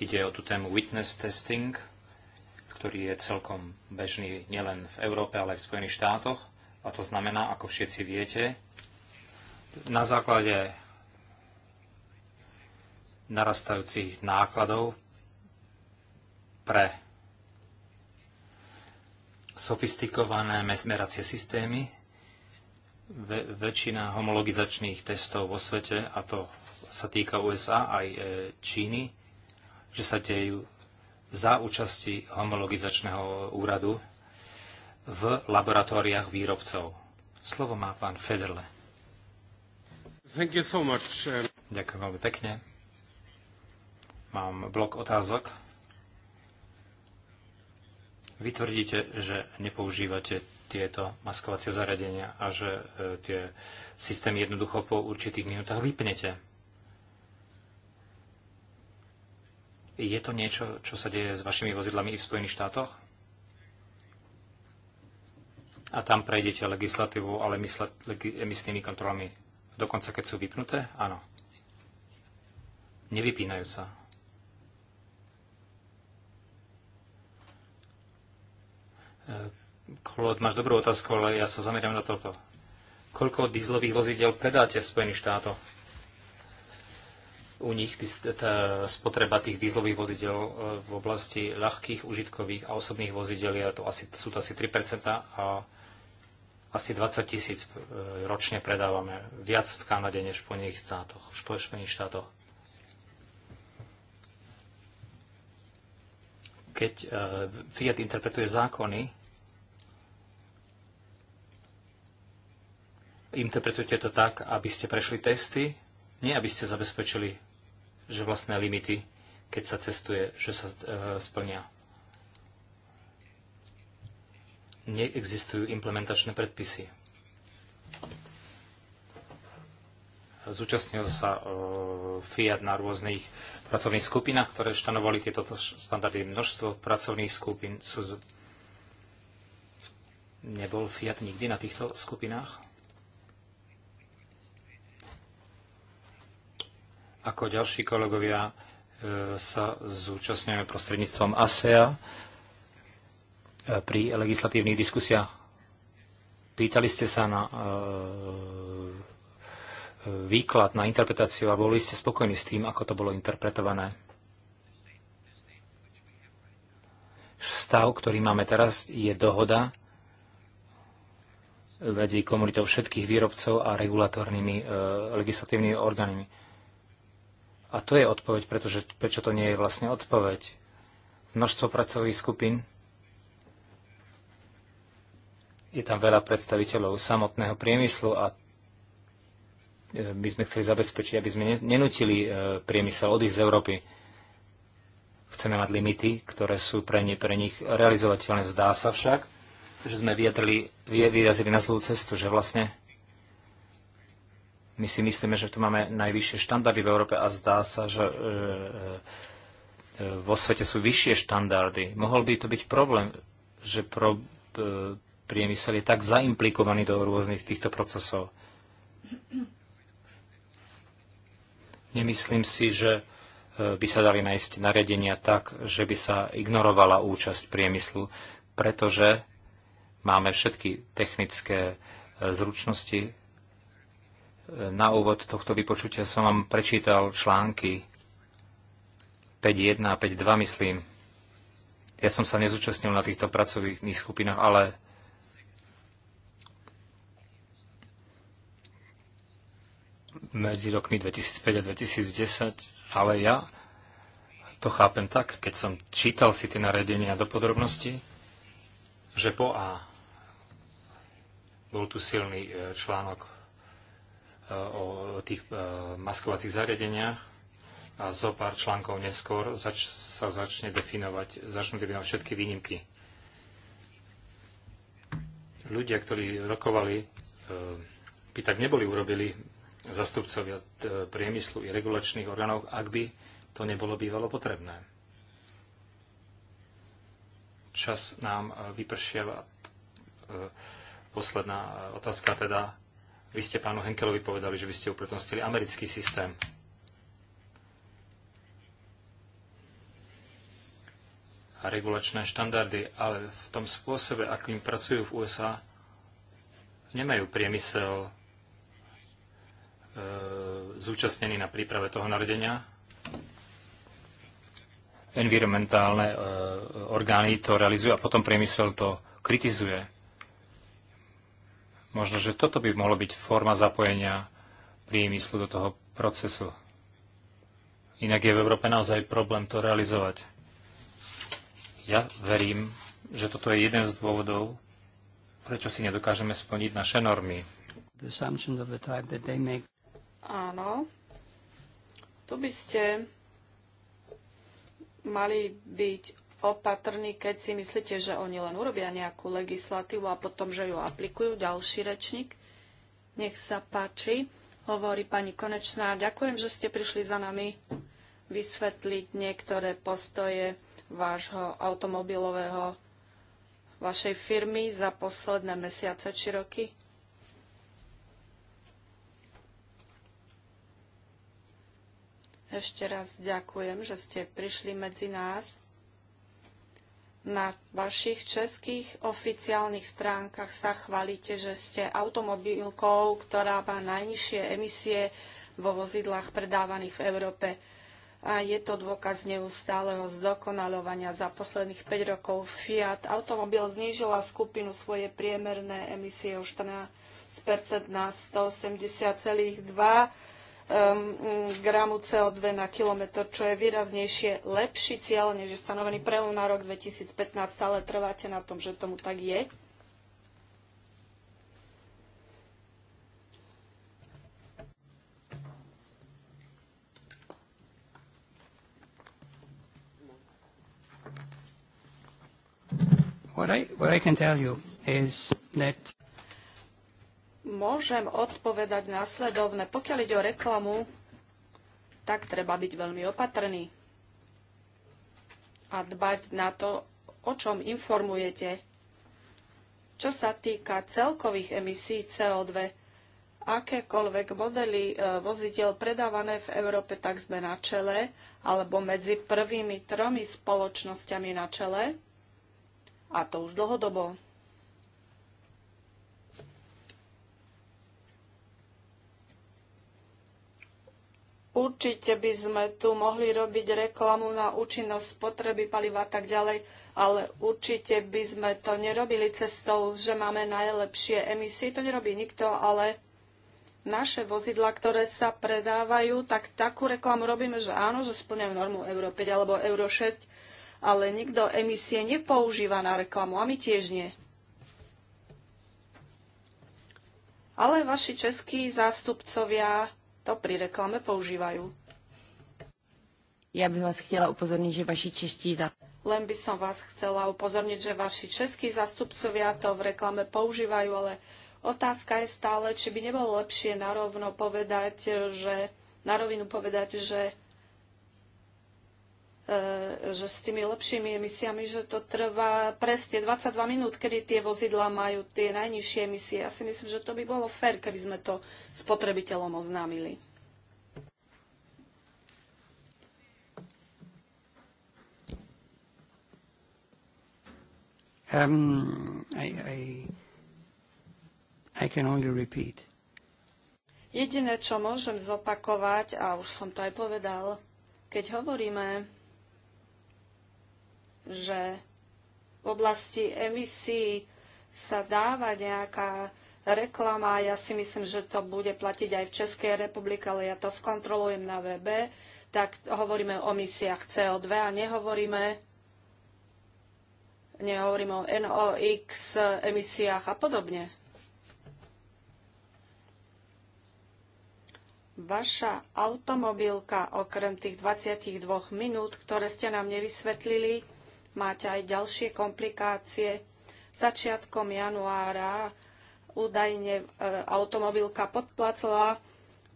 Ide o tú tému witness testing, ktorý je celkom bežný nielen v Európe, ale aj v Spojených štátoch a to znamená, ako všetci viete, na základe narastajúcich nákladov pre sofistikované mesmeracie systémy, väčšina homologizačných testov vo svete, a to sa týka USA aj e, Číny, že sa dejú za účasti homologizačného úradu v laboratóriách výrobcov. Slovo má pán Federle. Thank you so much. Ďakujem veľmi pekne. Mám blok otázok. Vy tvrdíte, že nepoužívate tieto maskovacie zariadenia a že e, tie systémy jednoducho po určitých minútach vypnete. Je to niečo, čo sa deje s vašimi vozidlami i v Spojených štátoch? a tam prejdete legislatívu, ale emisnými kontrolami dokonca, keď sú vypnuté? Áno. Nevypínajú sa. Klod, e, máš dobrú otázku, ale ja sa zameriam na toto. Koľko dízlových vozidel predáte v Spojených štátoch? U nich tá spotreba tých dízlových vozidel e, v oblasti ľahkých, užitkových a osobných vozidel je to asi, sú to asi 3% a asi 20 tisíc e, ročne predávame. Viac v Kanade než v Spojených štátoch. V Spojených štátoch. Keď e, Fiat interpretuje zákony, interpretujte to tak, aby ste prešli testy, nie aby ste zabezpečili, že vlastné limity, keď sa cestuje, že sa e, splnia. neexistujú implementačné predpisy. Zúčastnil sa e, FIAT na rôznych pracovných skupinách, ktoré štanovali tieto štandardy. Množstvo pracovných skupín sú... Nebol FIAT nikdy na týchto skupinách? Ako ďalší kolegovia e, sa zúčastňujeme prostredníctvom ASEA E, pri legislatívnych diskusiách. Pýtali ste sa na e, e, výklad, na interpretáciu a boli ste spokojní s tým, ako to bolo interpretované. Stav, ktorý máme teraz, je dohoda medzi komunitou všetkých výrobcov a regulatórnymi e, legislatívnymi orgánmi. A to je odpoveď, pretože prečo to nie je vlastne odpoveď. Množstvo pracových skupín je tam veľa predstaviteľov samotného priemyslu a e, my sme chceli zabezpečiť, aby sme nenutili e, priemysel odísť z Európy. Chceme mať limity, ktoré sú pre, ne, pre nich realizovateľné. Zdá sa však, že sme vyjadrili, vyrazili na zlú cestu, že vlastne my si myslíme, že tu máme najvyššie štandardy v Európe a zdá sa, že e, e, e vo svete sú vyššie štandardy. Mohol by to byť problém, že pro, e, priemysel je tak zaimplikovaný do rôznych týchto procesov. Nemyslím si, že e, by sa dali nájsť nariadenia tak, že by sa ignorovala účasť priemyslu, pretože máme všetky technické e, zručnosti. E, na úvod tohto vypočutia som vám prečítal články 5.1 a 5.2, myslím. Ja som sa nezúčastnil na týchto pracovných skupinách, ale medzi rokmi 2005 a 2010, ale ja to chápem tak, keď som čítal si tie naredenia do podrobnosti, že po A bol tu silný e, článok e, o tých e, maskovacích zariadeniach a zo pár článkov neskôr zač- sa začne definovať, začnú definovať všetky výnimky. Ľudia, ktorí rokovali by tak neboli urobili zastupcovia e, priemyslu i regulačných orgánov, ak by to nebolo bývalo potrebné. Čas nám e, vypršiava. E, posledná otázka teda. Vy ste pánu Henkelovi povedali, že by ste uprednostili americký systém. a regulačné štandardy, ale v tom spôsobe, akým pracujú v USA, nemajú priemysel E, zúčastnení na príprave toho narodenia. Environmentálne e, orgány to realizujú a potom priemysel to kritizuje. Možno, že toto by mohlo byť forma zapojenia priemyslu do toho procesu. Inak je v Európe naozaj problém to realizovať. Ja verím, že toto je jeden z dôvodov, prečo si nedokážeme splniť naše normy. Make... Áno. Tu by ste mali byť opatrní, keď si myslíte, že oni len urobia nejakú legislatívu a potom, že ju aplikujú. Ďalší rečník. Nech sa páči. Hovorí pani Konečná. Ďakujem, že ste prišli za nami vysvetliť niektoré postoje vášho automobilového vašej firmy za posledné mesiace či roky. Ešte raz ďakujem, že ste prišli medzi nás. Na vašich českých oficiálnych stránkach sa chválite, že ste automobilkou, ktorá má najnižšie emisie vo vozidlách predávaných v Európe. A je to dôkaz neustáleho zdokonalovania. Za posledných 5 rokov Fiat automobil znížila skupinu svoje priemerné emisie o 14 na 180,2 Um, gramu CO2 na kilometr, čo je výraznejšie lepší cieľ, než je stanovený pre na rok 2015, ale trváte na tom, že tomu tak je. What I, what I can tell you is that môžem odpovedať následovne. Pokiaľ ide o reklamu, tak treba byť veľmi opatrný a dbať na to, o čom informujete. Čo sa týka celkových emisí CO2, akékoľvek modely e, vozidel predávané v Európe, tak sme na čele, alebo medzi prvými tromi spoločnosťami na čele, a to už dlhodobo. Určite by sme tu mohli robiť reklamu na účinnosť spotreby paliva a tak ďalej, ale určite by sme to nerobili cestou, že máme najlepšie emisie. To nerobí nikto, ale naše vozidla, ktoré sa predávajú, tak takú reklamu robíme, že áno, že splňajú normu Euro 5 alebo Euro 6, ale nikto emisie nepoužíva na reklamu a my tiež nie. Ale vaši českí zástupcovia to pri reklame používajú. Ja by vás chcela upozorniť, že vaši čeští za... Len by som vás chcela upozorniť, že vaši českí zastupcovia to v reklame používajú, ale otázka je stále, či by nebolo lepšie narovno povedať, že na rovinu povedať, že E, že s tými lepšími emisiami, že to trvá presne 22 minút, kedy tie vozidla majú tie najnižšie emisie. Ja si myslím, že to by bolo fér, keby sme to spotrebiteľom oznámili. Um, I, I, I can only repeat. Jediné, čo môžem zopakovať, a už som to aj povedal, keď hovoríme že v oblasti emisí sa dáva nejaká reklama. Ja si myslím, že to bude platiť aj v Českej republike, ale ja to skontrolujem na webe. Tak hovoríme o emisiách CO2 a nehovoríme, nehovoríme o NOx emisiách a podobne. Vaša automobilka okrem tých 22 minút, ktoré ste nám nevysvetlili, Máte aj ďalšie komplikácie. Začiatkom januára údajne e, automobilka podplatila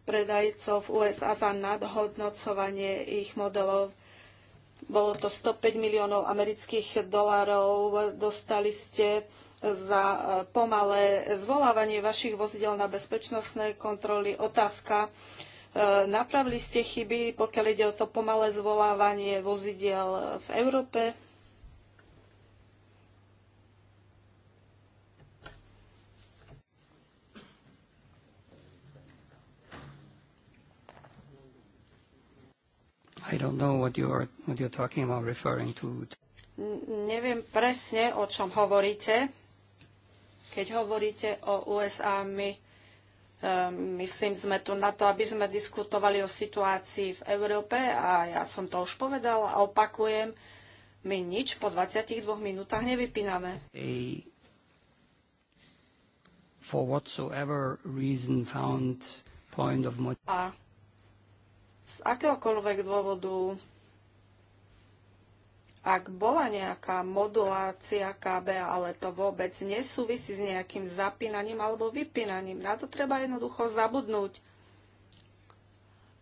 predajcov v USA za nadhodnocovanie ich modelov. Bolo to 105 miliónov amerických dolarov. Dostali ste za e, pomalé zvolávanie vašich vozidel na bezpečnostné kontroly. Otázka, e, napravili ste chyby, pokiaľ ide o to pomalé zvolávanie vozidiel v Európe? I don't know what you're, what you're talking about referring to. Neviem presne, o čom hovoríte. Keď hovoríte o USA, my um, myslím, sme tu na to, aby sme diskutovali o situácii v Európe a ja som to už povedal a opakujem, my nič po 22 minútach nevypíname. A for whatsoever reason found point of a z akéhokoľvek dôvodu, ak bola nejaká modulácia KB, ale to vôbec nesúvisí s nejakým zapínaním alebo vypínaním. Na to treba jednoducho zabudnúť.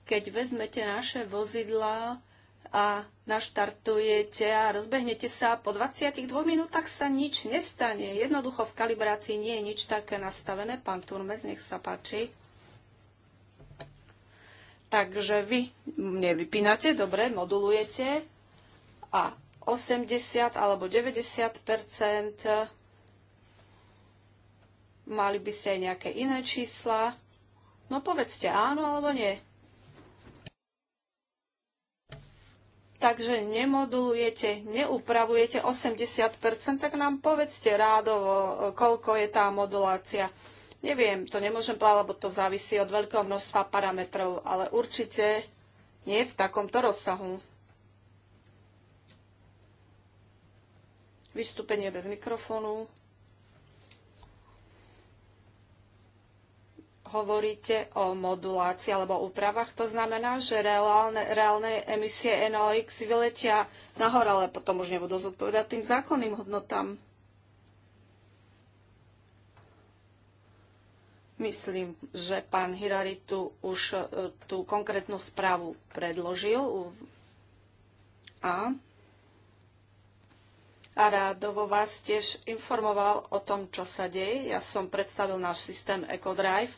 Keď vezmete naše vozidla a naštartujete a rozbehnete sa, po 22 minútach sa nič nestane. Jednoducho v kalibrácii nie je nič také nastavené. Pán Turmes, nech sa páči. Takže vy nevypínate, dobre, modulujete a 80 alebo 90 mali by ste aj nejaké iné čísla. No povedzte áno alebo nie. Takže nemodulujete, neupravujete 80%, tak nám povedzte rádovo, koľko je tá modulácia. Neviem, to nemôžem povedať, lebo to závisí od veľkého množstva parametrov, ale určite nie v takomto rozsahu. Vystúpenie bez mikrofónu. hovoríte o modulácii alebo úpravách, to znamená, že reálne, reálne emisie NOx vyletia nahor, ale potom už nebudú zodpovedať tým zákonným hodnotám. Myslím, že pán Hirari tu už e, tú konkrétnu správu predložil a, a rádovo vás tiež informoval o tom, čo sa deje. Ja som predstavil náš systém EcoDrive.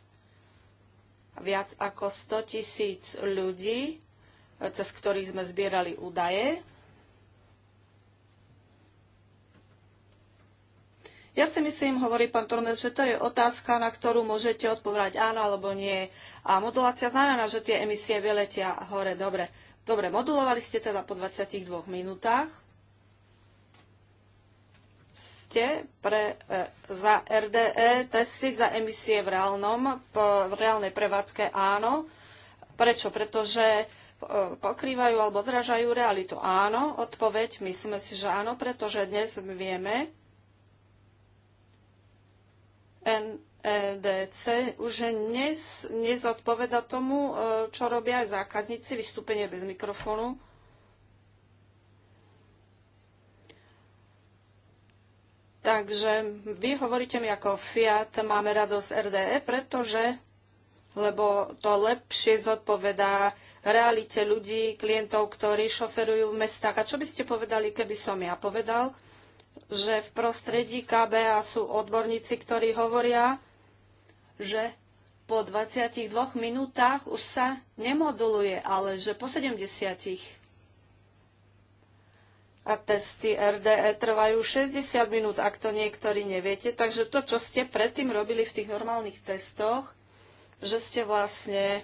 Viac ako 100 tisíc ľudí, e, cez ktorých sme zbierali údaje Ja si myslím, hovorí pán Tormes, že to je otázka, na ktorú môžete odpovedať áno alebo nie. A modulácia znamená, že tie emisie vyletia hore. Dobre, Dobre modulovali ste teda po 22 minútach. Ste pre, e, za RDE testy za emisie v, reálnom, po, v reálnej prevádzke áno. Prečo? Pretože e, pokrývajú alebo odrážajú realitu. Áno, odpoveď, myslíme si, že áno, pretože dnes vieme, NDC e už dnes nezodpoveda tomu, e, čo robia aj zákazníci, vystúpenie bez mikrofónu. Takže vy hovoríte mi ako Fiat, máme radosť RDE, pretože lebo to lepšie zodpovedá realite ľudí, klientov, ktorí šoferujú v mestách. A čo by ste povedali, keby som ja povedal, že v prostredí KBA sú odborníci, ktorí hovoria, že po 22 minútach už sa nemoduluje, ale že po 70. A testy RDE trvajú 60 minút, ak to niektorí neviete. Takže to, čo ste predtým robili v tých normálnych testoch, že ste vlastne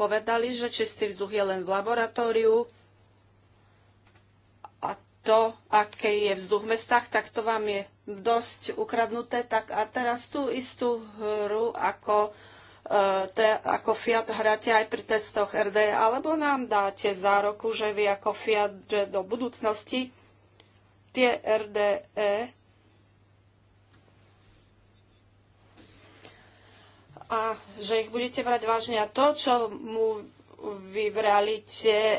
povedali, že čistý vzduch je len v laboratóriu to, aký je vzduch v mestách, tak to vám je dosť ukradnuté. Tak a teraz tú istú hru ako, e, te, ako Fiat hráte aj pri testoch RD, alebo nám dáte zároku, že vy ako Fiat, že do budúcnosti tie RDE a že ich budete brať vážne. A to, čo mu vy v realite e,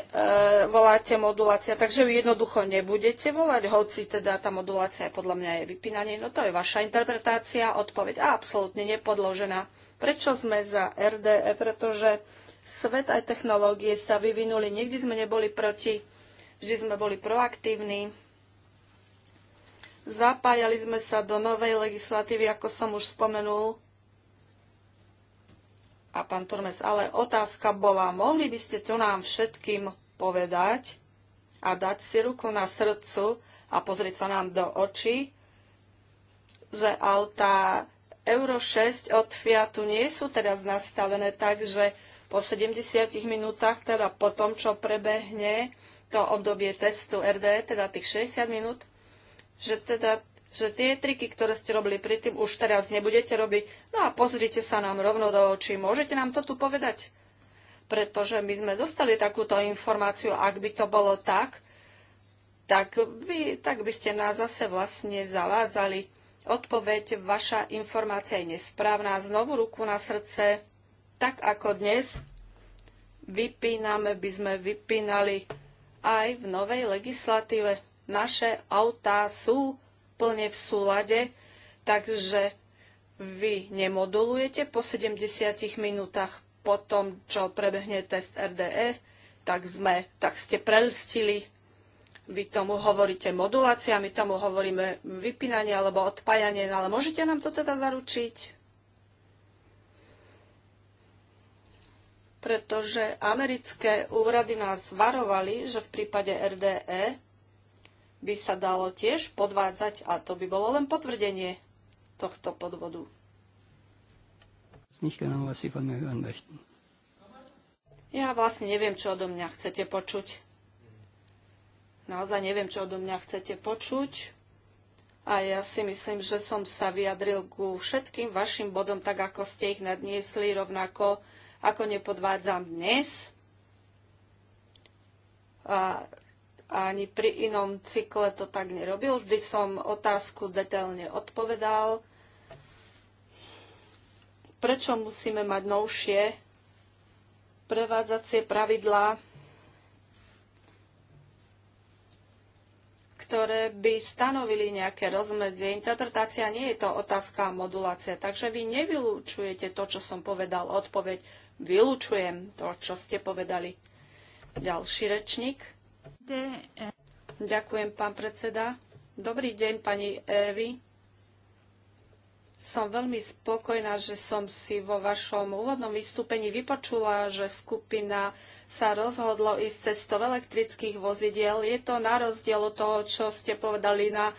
voláte modulácia, takže vy jednoducho nebudete volať, hoci teda tá modulácia je podľa mňa je vypínanie. No to je vaša interpretácia, odpoveď a absolútne nepodložená. Prečo sme za RDE? Pretože svet aj technológie sa vyvinuli, nikdy sme neboli proti, vždy sme boli proaktívni. Zapájali sme sa do novej legislatívy, ako som už spomenul, a pán Turmes, ale otázka bola, mohli by ste to nám všetkým povedať a dať si ruku na srdcu a pozrieť sa nám do očí, že autá Euro 6 od Fiatu nie sú teraz nastavené tak, že po 70 minútach, teda po tom, čo prebehne to obdobie testu RD, teda tých 60 minút, že teda že tie triky, ktoré ste robili predtým, už teraz nebudete robiť. No a pozrite sa nám rovno do očí. Môžete nám to tu povedať? Pretože my sme dostali takúto informáciu, ak by to bolo tak, tak by, tak by ste nás zase vlastne zavádzali. Odpoveď, vaša informácia je nesprávna. Znovu ruku na srdce, tak ako dnes, vypíname, by sme vypínali aj v novej legislatíve. Naše autá sú plne v súlade, takže vy nemodulujete po 70 minútach po tom, čo prebehne test RDE, tak, sme, tak ste prelstili. Vy tomu hovoríte modulácia, my tomu hovoríme vypínanie alebo odpájanie, no ale môžete nám to teda zaručiť? pretože americké úrady nás varovali, že v prípade RDE by sa dalo tiež podvádzať a to by bolo len potvrdenie tohto podvodu. Ja vlastne neviem, čo odo mňa chcete počuť. Naozaj neviem, čo odo mňa chcete počuť. A ja si myslím, že som sa vyjadril ku všetkým vašim bodom, tak ako ste ich nadniesli, rovnako ako nepodvádzam dnes. A ani pri inom cykle to tak nerobil. Vždy som otázku detailne odpovedal. Prečo musíme mať novšie prevádzacie pravidlá, ktoré by stanovili nejaké rozmedzie. Interpretácia nie je to otázka a modulácia. Takže vy nevylúčujete to, čo som povedal. Odpoveď vylúčujem to, čo ste povedali. Ďalší rečník. Ďakujem, pán predseda. Dobrý deň, pani Evi. Som veľmi spokojná, že som si vo vašom úvodnom vystúpení vypočula, že skupina sa rozhodlo ísť cestou elektrických vozidiel. Je to na rozdiel od toho, čo ste povedali na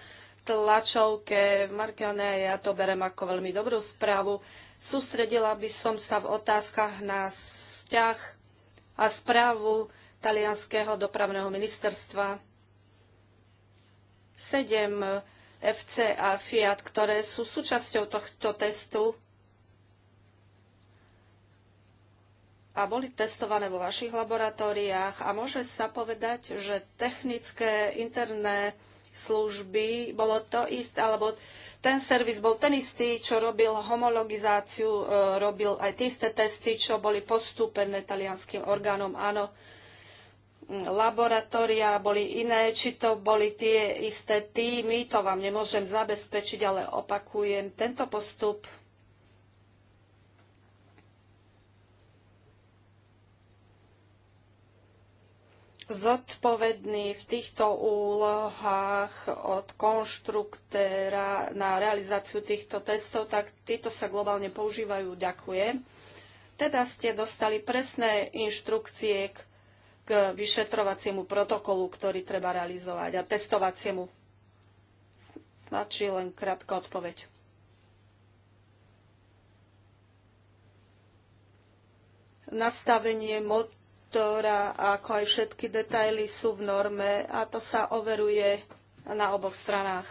tlačovke v Markeone, Ja to berem ako veľmi dobrú správu. Sústredila by som sa v otázkach na vzťah a správu talianského dopravného ministerstva. Sedem FC a Fiat, ktoré sú súčasťou tohto testu a boli testované vo vašich laboratóriách a môže sa povedať, že technické interné služby, bolo to isté, alebo ten servis bol ten istý, čo robil homologizáciu, e, robil aj tie isté testy, čo boli postúpené talianským orgánom. Áno, laboratória boli iné, či to boli tie isté týmy, to vám nemôžem zabezpečiť, ale opakujem tento postup. zodpovedný v týchto úlohách od konštruktéra na realizáciu týchto testov, tak títo sa globálne používajú. Ďakujem. Teda ste dostali presné inštrukcie k k vyšetrovaciemu protokolu, ktorý treba realizovať a testovaciemu. Stačí len krátka odpoveď. Nastavenie motora, ako aj všetky detaily sú v norme a to sa overuje na oboch stranách.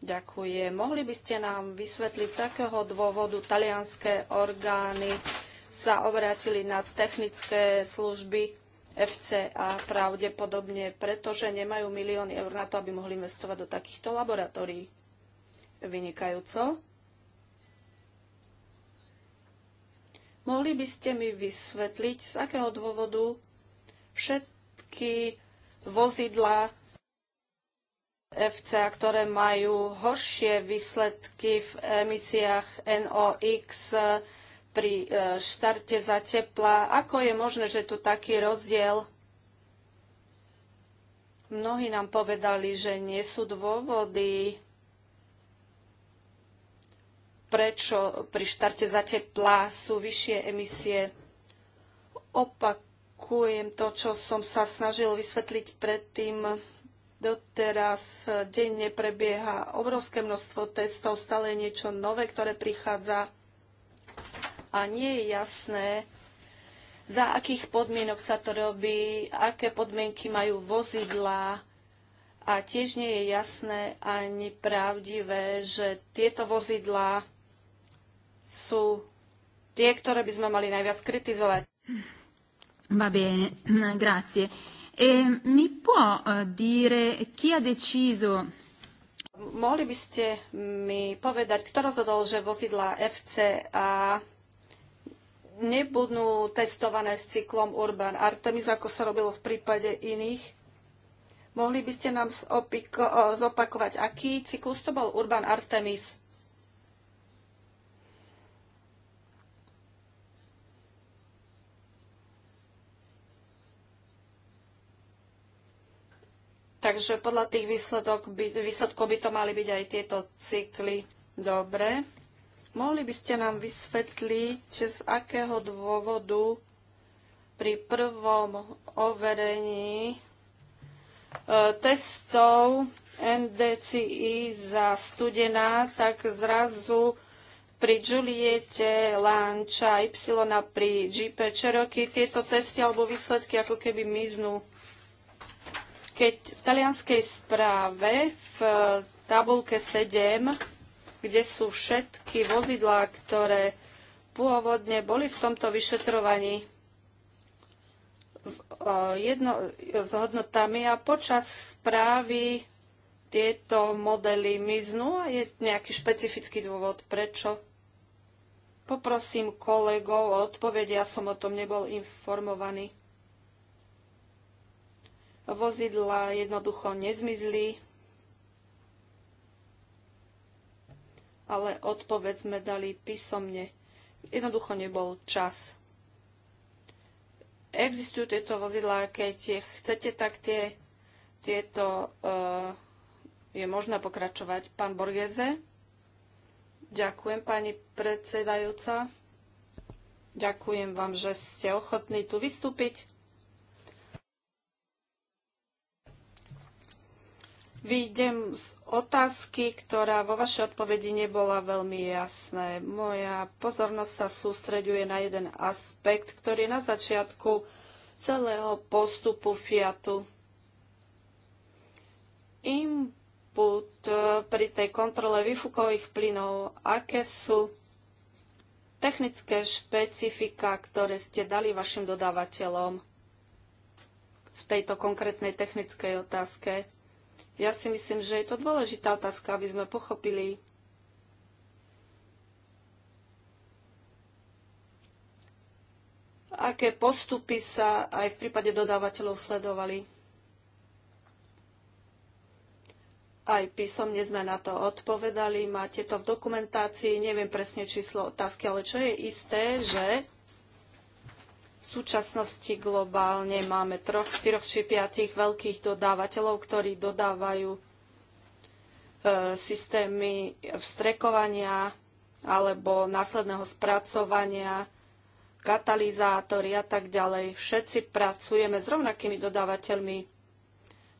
Ďakujem. Mohli by ste nám vysvetliť, z akého dôvodu talianské orgány sa obrátili na technické služby FCA pravdepodobne, pretože nemajú milióny eur na to, aby mohli investovať do takýchto laboratórií. Vynikajúco. Mohli by ste mi vysvetliť, z akého dôvodu všetky vozidla FCA, ktoré majú horšie výsledky v emisiách NOx, pri e, štarte za tepla. Ako je možné, že tu taký rozdiel? Mnohí nám povedali, že nie sú dôvody, prečo pri štarte za tepla sú vyššie emisie. Opakujem to, čo som sa snažil vysvetliť predtým. Doteraz e, denne prebieha obrovské množstvo testov, stále niečo nové, ktoré prichádza a nie je jasné, za akých podmienok sa to robí, aké podmienky majú vozidlá a tiež nie je jasné ani pravdivé, že tieto vozidlá sú tie, ktoré by sme mali najviac kritizovať. Va bene, grazie. E, mi può eh, dire chi ha deciso Mohli by ste mi povedať, kto rozhodol, že vozidla FCA nebudú testované s cyklom Urban Artemis, ako sa robilo v prípade iných. Mohli by ste nám zopakovať, aký cyklus to bol Urban Artemis? Takže podľa tých výsledok by, výsledkov by to mali byť aj tieto cykly. Dobre. Mohli by ste nám vysvetliť, z akého dôvodu pri prvom overení e, testov NDCI za studená, tak zrazu pri Juliete, Lanča, Y pri GP Cherokee tieto testy alebo výsledky ako keby miznú. Keď v talianskej správe v tabulke 7 kde sú všetky vozidlá, ktoré pôvodne boli v tomto vyšetrovaní s, jedno, s hodnotami a počas správy tieto modely miznú a je nejaký špecifický dôvod, prečo. Poprosím kolegov o odpovede, ja som o tom nebol informovaný. Vozidla jednoducho nezmizli. ale odpoveď sme dali písomne. Jednoducho nebol čas. Existujú tieto vozidlá, keď chcete, tak tie, tieto uh, je možné pokračovať. Pán Borgeze. Ďakujem, pani predsedajúca. Ďakujem vám, že ste ochotní tu vystúpiť. Výjdem z otázky, ktorá vo vašej odpovedi nebola veľmi jasná. Moja pozornosť sa sústreďuje na jeden aspekt, ktorý je na začiatku celého postupu Fiatu. Input eh, pri tej kontrole výfukových plynov, aké sú technické špecifika, ktoré ste dali vašim dodávateľom v tejto konkrétnej technickej otázke? Ja si myslím, že je to dôležitá otázka, aby sme pochopili, aké postupy sa aj v prípade dodávateľov sledovali. Aj písomne sme na to odpovedali, máte to v dokumentácii, neviem presne číslo otázky, ale čo je isté, že súčasnosti globálne máme troch, štyroch či piatich veľkých dodávateľov, ktorí dodávajú e, systémy vstrekovania alebo následného spracovania, katalizátory a tak ďalej. Všetci pracujeme s rovnakými dodávateľmi.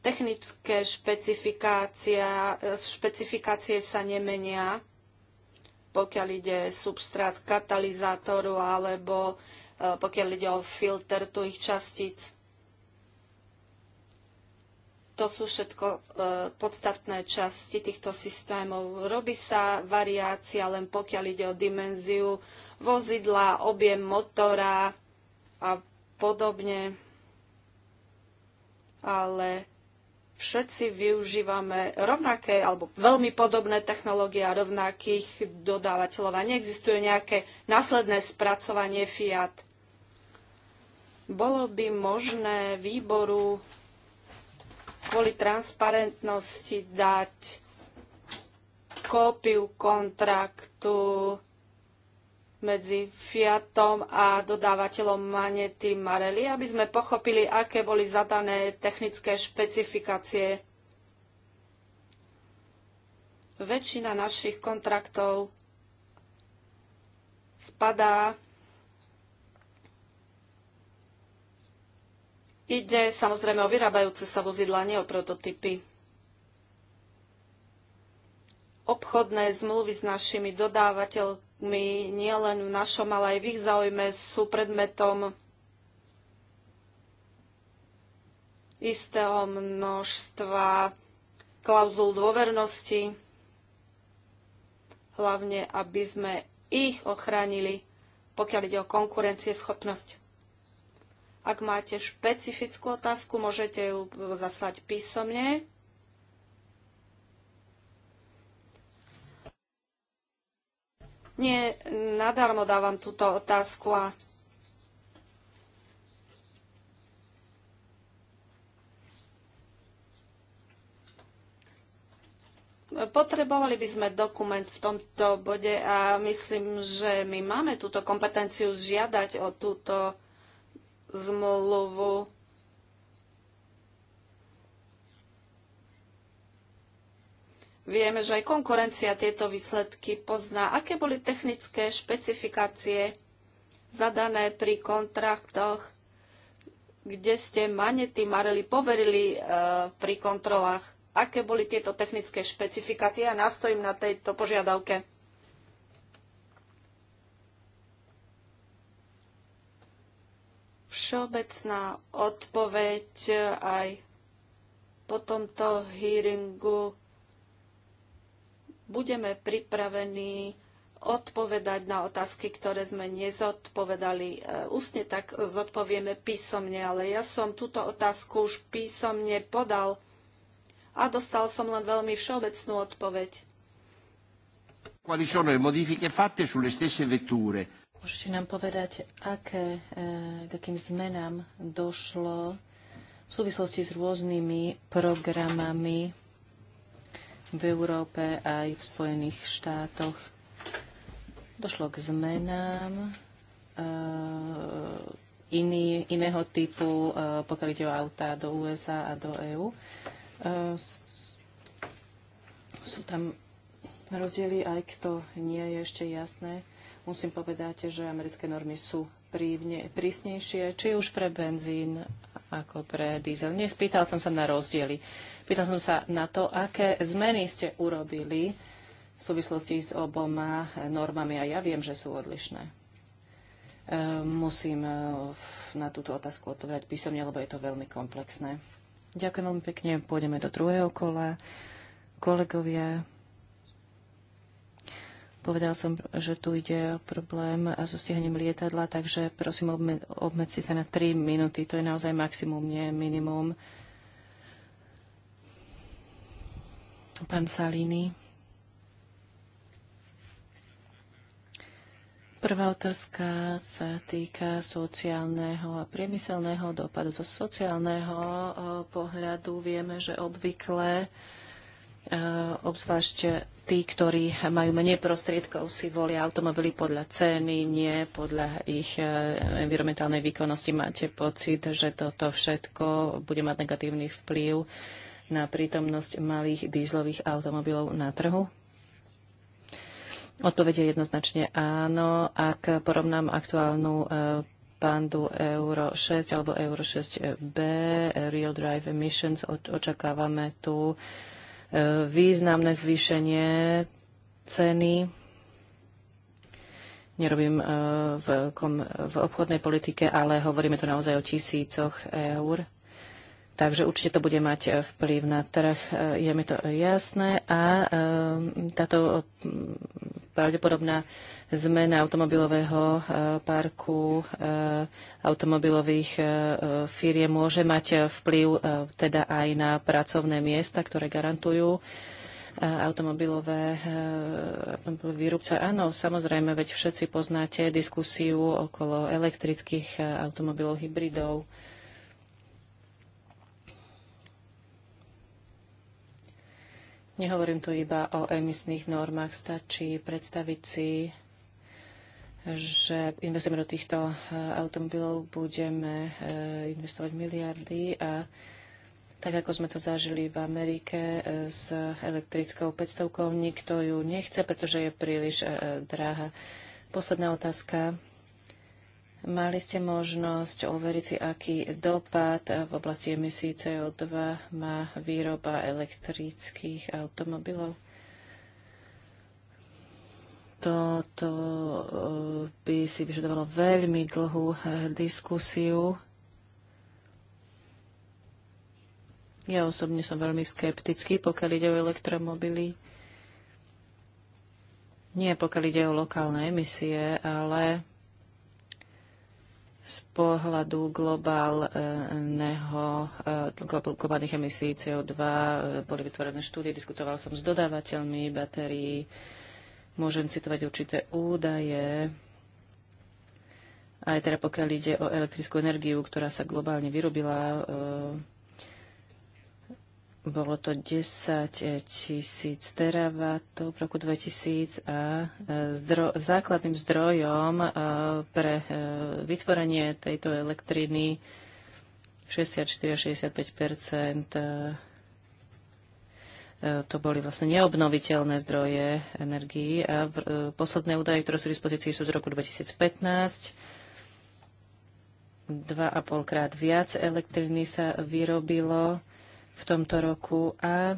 Technické špecifikácie sa nemenia, pokiaľ ide substrát katalizátoru alebo Eh, pokiaľ ide o filter tu ich častíc. To sú všetko eh, podstatné časti týchto systémov. Robí sa variácia len pokiaľ ide o dimenziu vozidla, objem motora a podobne. Ale všetci využívame rovnaké alebo veľmi podobné technológie a rovnakých dodávateľov a neexistuje nejaké následné spracovanie Fiat. Bolo by možné výboru kvôli transparentnosti dať kópiu kontraktu medzi Fiatom a dodávateľom Manety Marelli, aby sme pochopili, aké boli zadané technické špecifikácie. Väčšina našich kontraktov spadá Ide samozrejme o vyrábajúce sa vozidla, nie o prototypy. Obchodné zmluvy s našimi dodávateľmi nielen v našom, ale aj v ich záujme sú predmetom istého množstva klauzul dôvernosti, hlavne aby sme ich ochránili, pokiaľ ide o konkurencieschopnosť. Ak máte špecifickú otázku, môžete ju zaslať písomne. Nie, nadarmo dávam túto otázku a Potrebovali by sme dokument v tomto bode a myslím, že my máme túto kompetenciu žiadať o túto zmluvu Vieme, že aj konkurencia tieto výsledky pozná. Aké boli technické špecifikácie zadané pri kontraktoch, kde ste Manety Marely poverili e, pri kontrolách? Aké boli tieto technické špecifikácie? Ja nastojím na tejto požiadavke. Všeobecná odpoveď aj po tomto hearingu budeme pripravení odpovedať na otázky, ktoré sme nezodpovedali. E, ústne tak zodpovieme písomne, ale ja som túto otázku už písomne podal a dostal som len veľmi všeobecnú odpoveď. Quali sono le modifiche fatte sulle stesse vetture? Môžete nám povedať, aké, eh, k akým zmenám došlo v súvislosti s rôznymi programami v Európe aj v Spojených štátoch. Došlo k zmenám eh, iný, iného typu, eh, pokiaľ ide o autá do USA a do EÚ. Sú tam rozdiely, aj kto nie je ešte jasné Musím povedať, že americké normy sú prívne, prísnejšie, či už pre benzín ako pre diesel. Nespýtal som sa na rozdiely. Pýtal som sa na to, aké zmeny ste urobili v súvislosti s oboma normami a ja viem, že sú odlišné. E, musím e, na túto otázku odpovedať písomne, lebo je to veľmi komplexné. Ďakujem veľmi pekne. Pôjdeme do druhého kola. Kolegovia, Povedal som, že tu ide o problém so stihaním lietadla, takže prosím, obmedzi obmedzte sa na 3 minúty. To je naozaj maximum, nie minimum. Pán Salini. Prvá otázka sa týka sociálneho a priemyselného dopadu. Zo sociálneho eh, pohľadu vieme, že obvykle Eh, obzvlášť tí, ktorí majú menej prostriedkov, si volia automobily podľa ceny, nie podľa ich eh, environmentálnej výkonnosti. Máte pocit, že toto všetko bude mať negatívny vplyv na prítomnosť malých dýzlových automobilov na trhu? Odpoveď je jednoznačne áno. Ak porovnám aktuálnu eh, pandu Euro 6 alebo Euro 6b, Real Drive Emissions, očakávame tu významné zvýšenie ceny. Nerobím eh, v, obchodnej politike, ale hovoríme tu naozaj o tisícoch eur. Takže určite to bude mať e, vplyv na trh, e, je mi to jasné. A e, táto pravdepodobná zmena automobilového parku automobilových firie môže mať vplyv teda aj na pracovné miesta, ktoré garantujú automobilové výrobca. Áno, samozrejme, veď všetci poznáte diskusiu okolo elektrických automobilov hybridov. Nehovorím tu iba o emisných normách. Stačí predstaviť si, že investujeme do týchto e, automobilov, budeme e, investovať miliardy a tak ako sme to zažili v Amerike e, s elektrickou 500, nikto ju nechce, pretože je príliš drahá. Posledná otázka. Mali ste možnosť overiť si, aký dopad v oblasti emisí CO2 má výroba elektrických automobilov? Toto eh, by si vyžadovalo veľmi dlhú eh, diskusiu. Ja osobne som veľmi skeptický, pokiaľ ide o elektromobily. Nie pokiaľ ide o lokálne emisie, ale z pohľadu globálneho, eh, globálnych emisí CO2 eh, boli vytvorené štúdie, diskutoval som s dodávateľmi batérií, môžem citovať určité údaje, aj teda pokiaľ ide o elektrickú energiu, ktorá sa globálne vyrobila, eh, bolo to 10 eh, tisíc teravatov v roku 2000 a eh, zdro, základným zdrojom eh, pre vytvorenie tejto elektriny 64 65 to boli vlastne neobnoviteľné zdroje energií. A posledné údaje, ktoré sú v dispozícii, sú z roku 2015. 2,5 krát viac elektriny sa vyrobilo v tomto roku a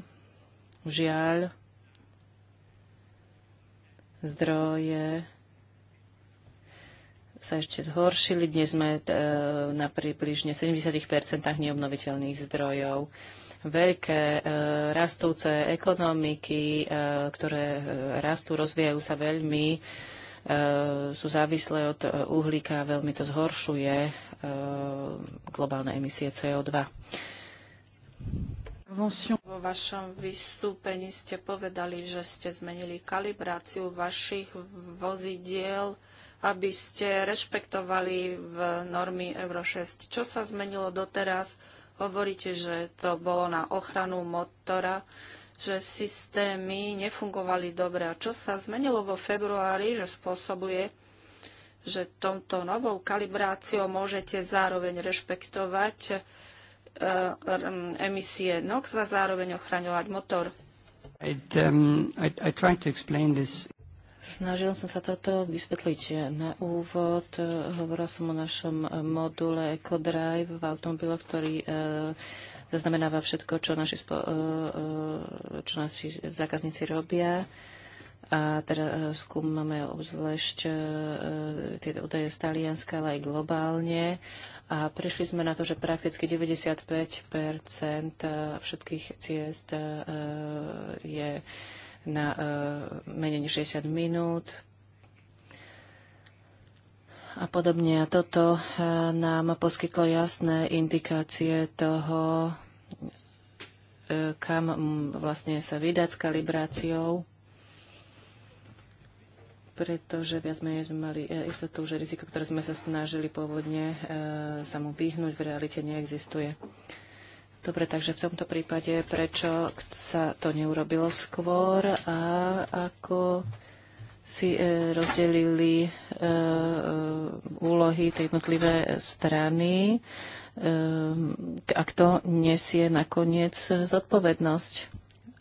žiaľ zdroje sa ešte zhoršili. Dnes sme e, na približne 70 neobnoviteľných zdrojov. Veľké e, rastúce ekonomiky, e, ktoré rastú, rozvíjajú sa veľmi, sú závislé od uhlíka a veľmi to zhoršuje globálne emisie CO2. Vo vašom vystúpení ste povedali, že ste zmenili kalibráciu vašich vozidiel, aby ste rešpektovali v normy Euro 6. Čo sa zmenilo doteraz? Hovoríte, že to bolo na ochranu motora, že systémy nefungovali dobre. A čo sa zmenilo vo februári, že spôsobuje, že tomto novou kalibráciou môžete zároveň rešpektovať Eh, emisie NOx a zároveň ochraňovať motor. Um, Snažil som sa toto vysvetliť na úvod. Hovoril som o našom module EcoDrive v automobiloch, ktorý eh, zaznamenáva všetko, čo naši, eh, čo naši zákazníci robia. A teda skúmame obzvlášť e, e, tie údaje z Talianska, ale aj globálne. A prišli sme na to, že prakticky 95 všetkých ciest je na menej než 60 minút, a podobne. A toto nám poskytlo jasné indikácie toho, kam vlastne sa vydať s kalibráciou pretože viac menej sme mali e, istotu, že riziko, ktoré sme sa snažili pôvodne e, sa mu vyhnúť, v realite neexistuje. Dobre, takže v tomto prípade, prečo sa to neurobilo skôr a ako si e, rozdelili úlohy tej jednotlivé strany a kto nesie nakoniec zodpovednosť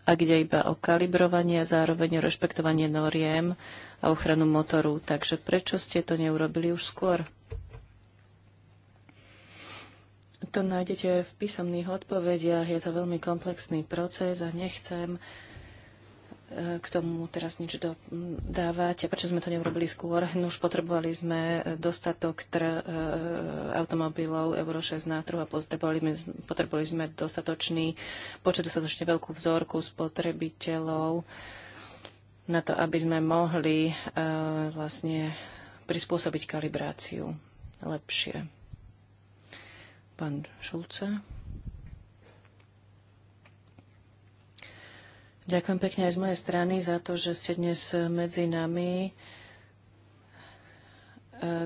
a kde iba o kalibrovanie a zároveň o rešpektovanie noriem a ochranu motoru. Takže prečo ste to neurobili už skôr? To nájdete v písomných odpovediach. Je to veľmi komplexný proces a nechcem eh, k tomu teraz nič dodávať. A prečo sme to neurobili skôr? No už potrebovali sme dostatok tr- eh, automobilov Euro 6 na trhu a potrebovali sme, potrebovali sme dostatočný počet, dostatočne veľkú vzorku spotrebiteľov na to, aby sme mohli e, vlastne prispôsobiť kalibráciu lepšie. Pán Šulce. Ďakujem pekne aj z mojej strany za to, že ste dnes medzi nami. E,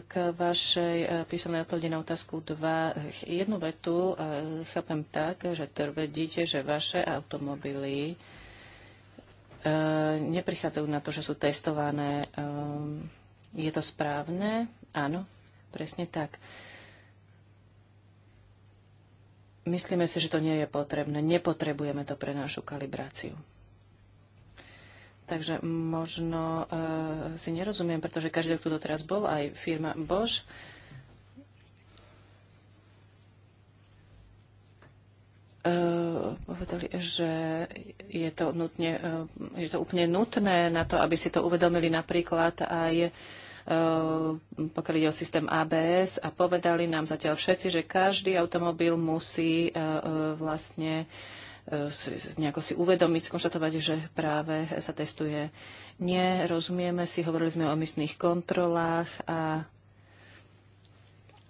k vašej e, písomnej odpovedi na otázku 2. Jednu vetu chápem tak, že tvrdíte, že vaše automobily E, neprichádzajú na to, že sú testované. E, je to správne? Áno, presne tak. Myslíme si, že to nie je potrebné. Nepotrebujeme to pre našu kalibráciu. Takže možno e, si nerozumiem, pretože každý, kto doteraz bol, aj firma Bosch, Eh, povedali, že je to, nutne, eh, je to úplne nutné na to, aby si to uvedomili napríklad aj eh, pokiaľ ide o systém ABS a povedali nám zatiaľ všetci, že každý automobil musí vlastne nejako si uvedomiť, skonštatovať, že práve sa testuje. Nie, rozumieme si, hovorili sme o emisných kontrolách a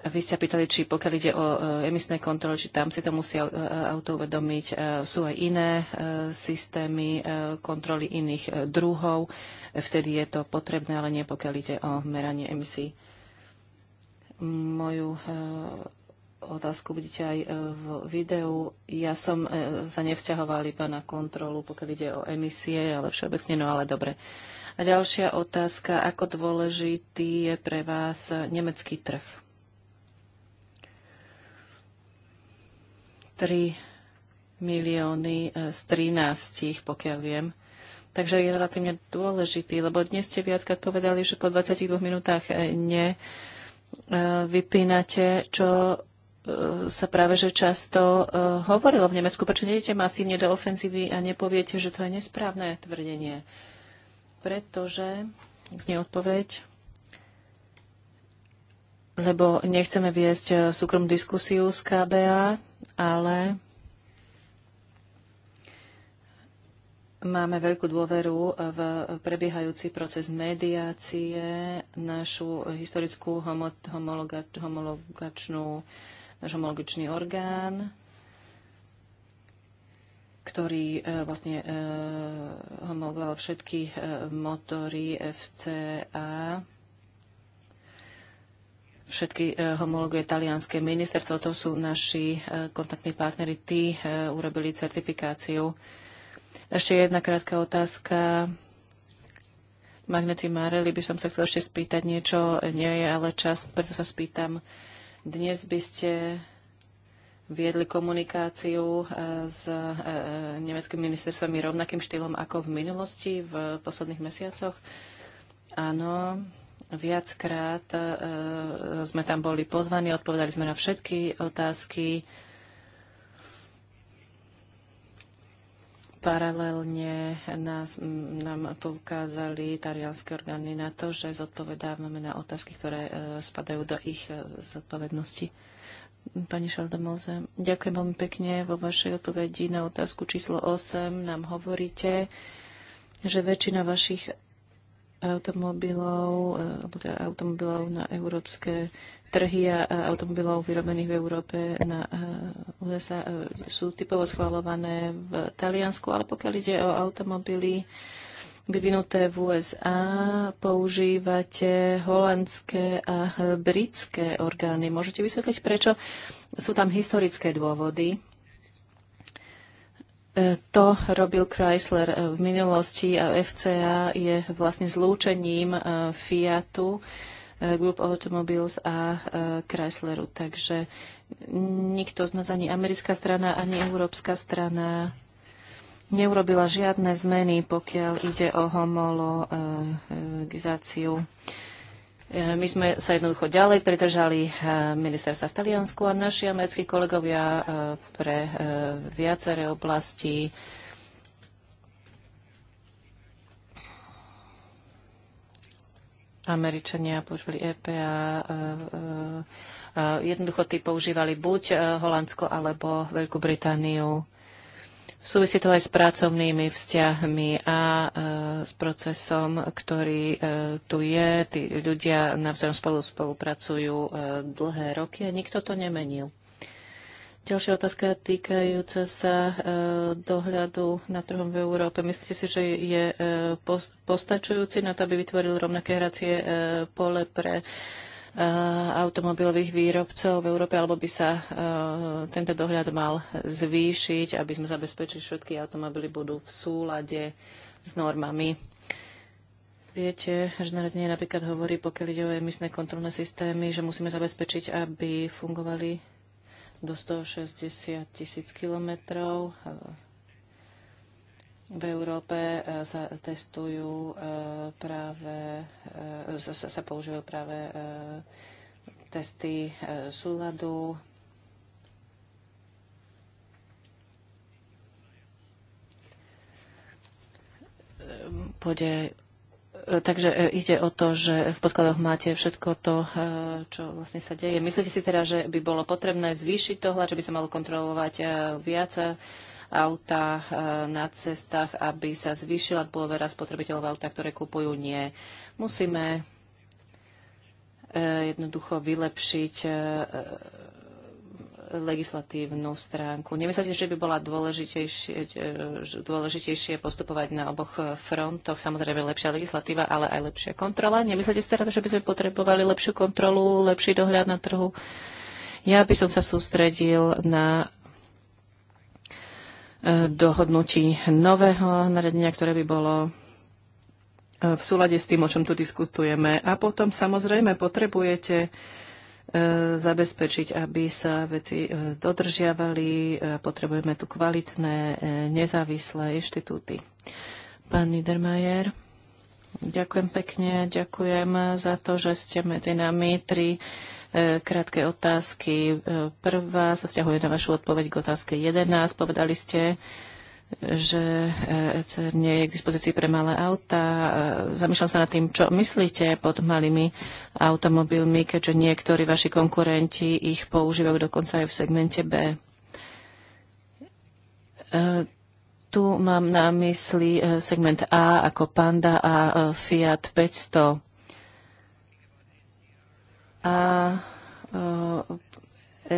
vy ste pýtali, či pokiaľ ide o e, emisné kontroly, či tam si to musia e, auto uvedomiť. E, sú aj iné systémy kontroly iných druhov. Vtedy je to potrebné, ale nie pokiaľ ide o meranie emisí. Moju otázku vidíte aj v videu. Ja som sa nevzťahoval iba na kontrolu, pokiaľ ide o emisie, ale všeobecne, no ale dobre. A ďalšia otázka, ako dôležitý je pre vás nemecký trh? 3 milióny e, z 13, pokiaľ viem. Takže je relatívne dôležitý, lebo dnes ste viackrát povedali, že po 22 minútach e, ne e, vypínate, čo sa práve že často hovorilo v Nemecku. Prečo nejdete masívne do ofenzívy a nepoviete, že to je nesprávne tvrdenie? Pretože, znie odpoveď, lebo nechceme viesť súkromnú diskusiu s KBA, ale máme veľkú dôveru v prebiehajúci proces mediácie, našu historickú homologa, homologačnú, náš homologičný orgán, ktorý e, vlastne e, homologoval všetky e, motory FCA všetky e, homologuje talianské ministerstvo. To sú naši e, kontaktní partnery. Tí e, urobili certifikáciu. Ešte jedna krátka otázka. Magnety Marely by som sa chcel ešte spýtať niečo. Nie je ale čas, preto sa spýtam. Dnes by ste viedli komunikáciu s nemeckými ministerstvami rovnakým štýlom ako v minulosti, v posledných mesiacoch. Áno, Viackrát e, sme tam boli pozvaní, odpovedali sme na všetky otázky. Paralelne nás, nám poukázali tarialské orgány na to, že zodpovedávame na otázky, ktoré e, spadajú do ich e, zodpovednosti. Pani Šaldomoze, ďakujem veľmi pekne. Vo vašej odpovedi na otázku číslo 8 nám hovoríte, že väčšina vašich automobilov, e, teda automobilov na európske trhy a automobilov vyrobených v Európe na e, USA e, sú typovo schvalované v Taliansku, ale pokiaľ ide o automobily vyvinuté v USA, používate holandské a britské orgány. Môžete vysvetliť, prečo sú tam historické dôvody E, to robil Chrysler e, v minulosti a FCA je vlastne zlúčením e, Fiatu, Group Automobiles a Chrysleru. Takže nikto z nás, ani americká strana, ani európska strana neurobila žiadne zmeny, pokiaľ ide o homologizáciu. E, Eh, my sme sa jednoducho ďalej pridržali eh, ministerstva v Taliansku a naši americkí kolegovia eh, pre viaceré oblasti Američania používali EPA, jednoducho tí používali buď Holandsko alebo Veľkú Britániu. Súvisí to aj s pracovnými vzťahmi a e, s procesom, ktorý e, tu je. Tí ľudia navzájom spolu spolupracujú e, dlhé roky a nikto to nemenil. Ďalšia otázka týkajúca sa e, dohľadu na trhom v Európe. Myslíte si, že je e, postačujúci na to, aby vytvoril rovnaké hracie e, pole pre Eh, automobilových výrobcov v Európe, alebo by sa eh, tento dohľad mal zvýšiť, aby sme zabezpečili, že všetky automobily budú v súlade s normami. Viete, že naradenie napríklad hovorí, pokiaľ ide o emisné kontrolné systémy, že musíme zabezpečiť, aby fungovali do 160 tisíc kilometrov eh, v Európe e, sa testujú e, práve, e, sa používajú práve testy súladu. Pôjde Takže ide o to, že v podkladoch máte všetko to, čo vlastne sa deje. Myslíte si teda, že by bolo potrebné zvýšiť to hľad, že by sa malo kontrolovať viac auta e, na cestách, aby sa zvýšila dôvera spotrebiteľov auta, ktoré kupujú. Nie. Musíme e, jednoducho vylepšiť e, legislatívnu stránku. Nemyslíte, že by bola dôležitejšie, dôležitejšie postupovať na oboch frontoch? Samozrejme lepšia legislatíva, ale aj lepšia kontrola. Nemyslíte si teraz, že by sme potrebovali lepšiu kontrolu, lepší dohľad na trhu? Ja by som sa sústredil na dohodnutí nového nariadenia, ktoré by bolo e, v súlade s tým, o čom tu diskutujeme. A potom samozrejme potrebujete e, zabezpečiť, aby sa veci e, dodržiavali. Potrebujeme tu kvalitné, nezávislé inštitúty. Pán Niedermayer. Ďakujem pekne, ďakujem za to, že ste medzi nami. Tri E, krátke otázky. E, prvá sa vzťahuje na vašu odpoveď k otázke 11. Povedali ste, že e, ECR nie je k dispozícii pre malé auta. Zamýšľam sa nad tým, čo myslíte pod malými automobilmi, keďže niektorí vaši konkurenti ich používajú dokonca aj v segmente B. Tu mám na mysli segment A ako Panda a Fiat 500 a e,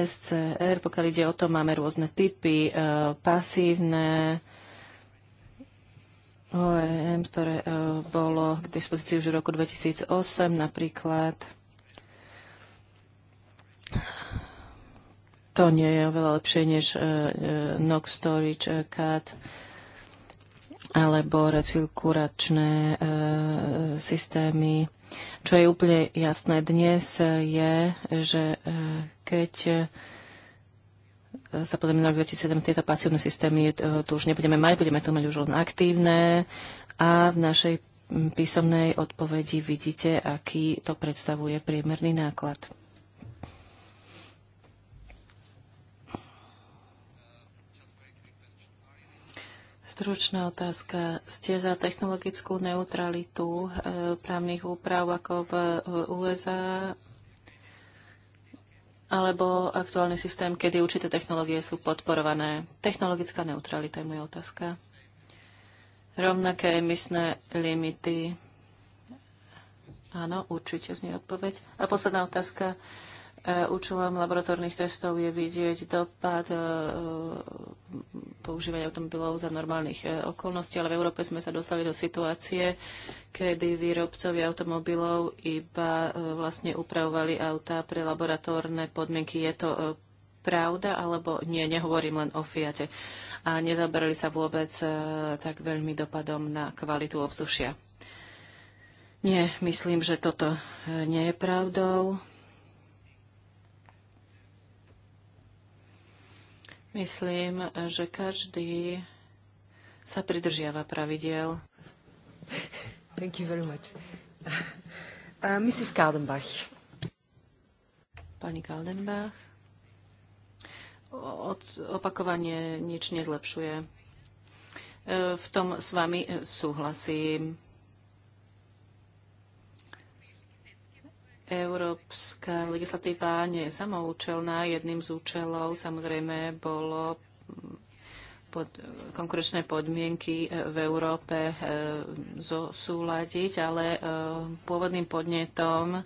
SCR, pokiaľ ide o to, máme rôzne typy, e, pasívne, OEM, ktoré e, bolo k dispozícii už v roku 2008 napríklad. To nie je oveľa lepšie než NOx Storage CAD alebo recirkuračné systémy čo je úplne jasné dnes je, že e, keď e, sa pozrieme na rok 2007, tieto pasívne systémy e, tu už nebudeme mať, budeme tu mať už len aktívne a v našej písomnej odpovedi vidíte, aký to predstavuje priemerný náklad. Stručná otázka. Ste za technologickú neutralitu e, právnych úprav ako v USA alebo aktuálny systém, kedy určité technológie sú podporované? Technologická neutralita je moja otázka. Rovnaké emisné limity. Áno, určite znie odpoveď. A posledná otázka. E, účelom laboratórnych testov je vidieť dopad e, e, používania automobilov za normálnych okolností, ale v Európe sme sa dostali do situácie, kedy výrobcovia automobilov iba vlastne upravovali autá pre laboratórne podmienky. Je to pravda, alebo nie, nehovorím len o Fiate. A nezaberali sa vôbec tak veľmi dopadom na kvalitu ovzdušia. Nie, myslím, že toto nie je pravdou Myslím, že každý sa pridržiava pravidiel. Thank you very much. Uh, Mrs. Kaldenbach. Pani Kaldenbach. Od opakovanie nič nezlepšuje. E, v tom s vami súhlasím. Európska legislatíva nie je samoučelná. Jedným z účelov samozrejme bolo pod, konkurenčné podmienky e, v Európe e, zosúľadiť, ale e, pôvodným podnetom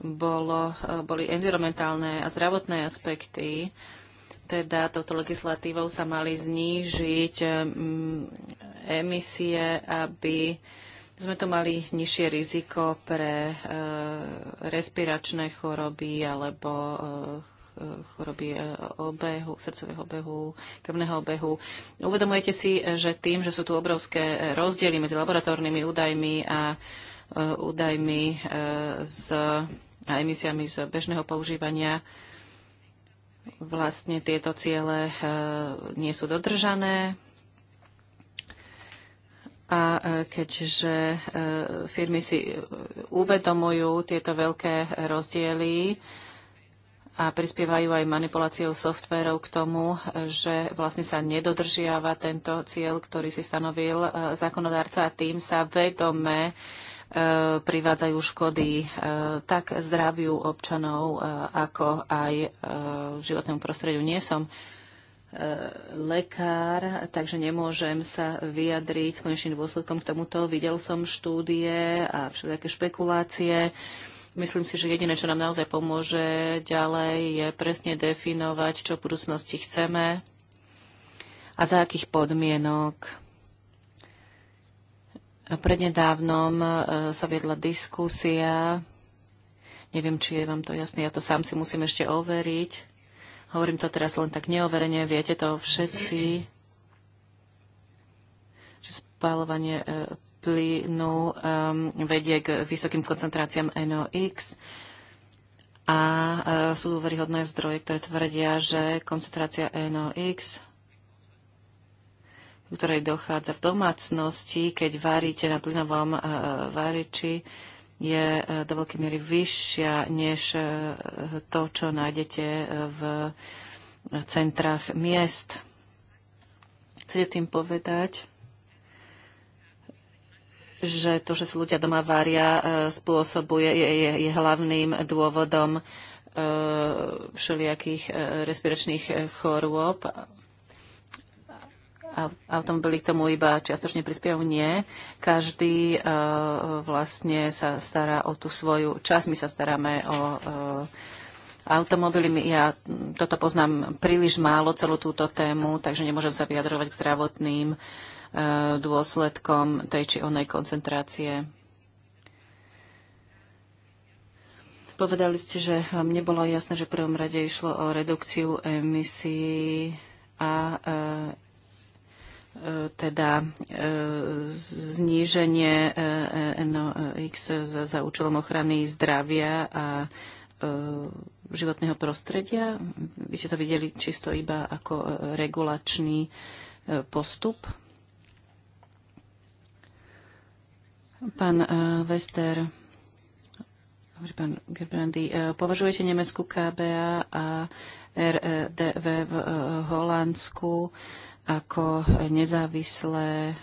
bolo, e, boli environmentálne a zdravotné aspekty. Teda touto legislatívou sa mali znížiť e, emisie, aby sme tu mali nižšie riziko pre e, respiračné choroby alebo e, choroby e, obehu, srdcového obehu, krvného obehu. Uvedomujete si, že tým, že sú tu obrovské rozdiely medzi laboratórnymi údajmi a e, údajmi z, e, a emisiami z bežného používania, vlastne tieto ciele nie sú dodržané, a e, keďže e, firmy si e, uvedomujú tieto veľké rozdiely a prispievajú aj manipuláciou softverov k tomu, že vlastne sa nedodržiava tento cieľ, ktorý si stanovil zákonodárca a tým sa vedome privádzajú škody tak zdraviu občanov, ako aj životnému prostrediu. Nie som lekár, takže nemôžem sa vyjadriť s konečným dôsledkom k tomuto. Videl som štúdie a všelijaké špekulácie. Myslím si, že jediné, čo nám naozaj pomôže ďalej, je presne definovať, čo v budúcnosti chceme a za akých podmienok. Prednedávnom e, sa viedla diskusia, neviem, či je vám to jasné, ja to sám si musím ešte overiť, Hovorím to teraz len tak neoverene, viete to všetci, že spálovanie e, plynu um, vedie k vysokým koncentráciám NOx a uh, sú dôveryhodné zdroje, ktoré tvrdia, že koncentrácia NOx ktorej dochádza v domácnosti, keď varíte na plynovom uh, variči, je eh, do veľkej miery vyššia než eh, to, čo nájdete eh, v centrách miest. Chcete tým povedať, že to, že sú ľudia doma varia, spôsobuje, je, je, je hlavným dôvodom všelijakých respiračných chorôb automobily k tomu iba čiastočne prispievajú? Nie. Každý e, vlastne sa stará o tú svoju časť. My sa staráme o e, automobily. Ja toto poznám príliš málo, celú túto tému, takže nemôžem sa vyjadrovať k zdravotným e, dôsledkom tej či onej koncentrácie. Povedali ste, že vám nebolo jasné, že v prvom rade išlo o redukciu emisí a teda e, zníženie e, NOx za, za účelom ochrany zdravia a e, životného prostredia. Vy ste to videli čisto iba ako regulačný postup. Pán Wester, pán Gerbrandy, považujete Nemeckú KBA a RDV v Holandsku ako nezávislé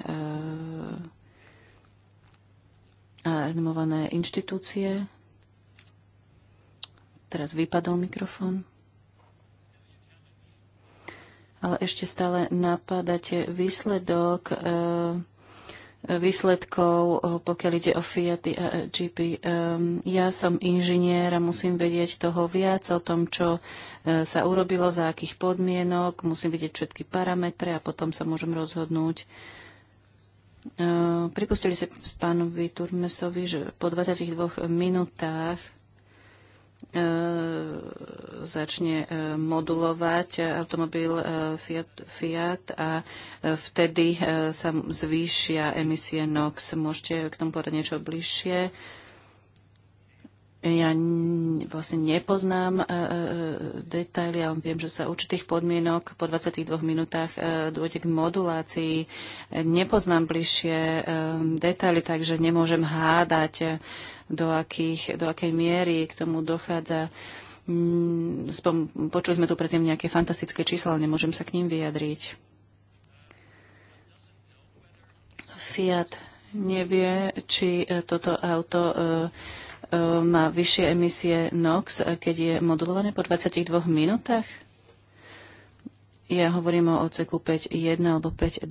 a eh, renomované inštitúcie. Teraz vypadol mikrofón. Ale ešte stále napadáte výsledok e, výsledkov, eh, pokiaľ ide o Fiat a GP. Ja som inžinier a musím vedieť toho viac o tom, čo eh, sa urobilo, za akých podmienok, musím vedieť všetky parametre a potom sa môžem rozhodnúť. Eh, pripustili sa pánovi Turmesovi, že po 22 minútach E, začne e, modulovať e, automobil Fiat, Fiat a vtedy sa zvýšia emisie NOx. Môžete k tomu povedať niečo bližšie? Ja vlastne nepoznám detaily, ale viem, že sa určitých podmienok po 22 minútach dôjde k modulácii. Nepoznám bližšie detaily, takže nemôžem hádať do, akých, do akej miery k tomu dochádza. Mm, spom, počuli sme tu predtým nejaké fantastické čísla, ale nemôžem sa k ním vyjadriť. Fiat nevie, či e, toto auto e, e, má vyššie emisie NOx, keď je modulované po 22 minútach? Ja hovorím o oceku 5.1 alebo 5.2.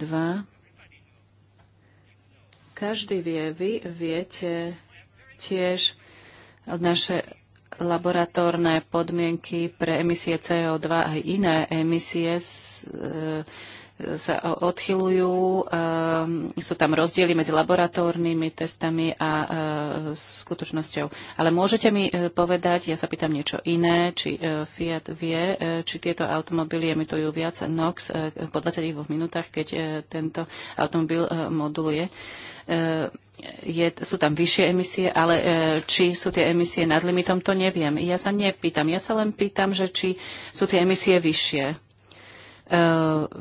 Každý vie, vy viete, tiež naše laboratórne podmienky pre emisie CO2 a iné emisie e, sa odchylujú. E, sú tam rozdiely medzi laboratórnymi testami a e, skutočnosťou. Ale môžete mi povedať, ja sa pýtam niečo iné, či Fiat vie, či tieto automobily emitujú viac NOx po 22 minútach, keď tento automobil moduluje je, sú tam vyššie emisie, ale e, či sú tie emisie nad limitom, to neviem. Ja sa nepýtam, ja sa len pýtam, že či sú tie emisie vyššie. E,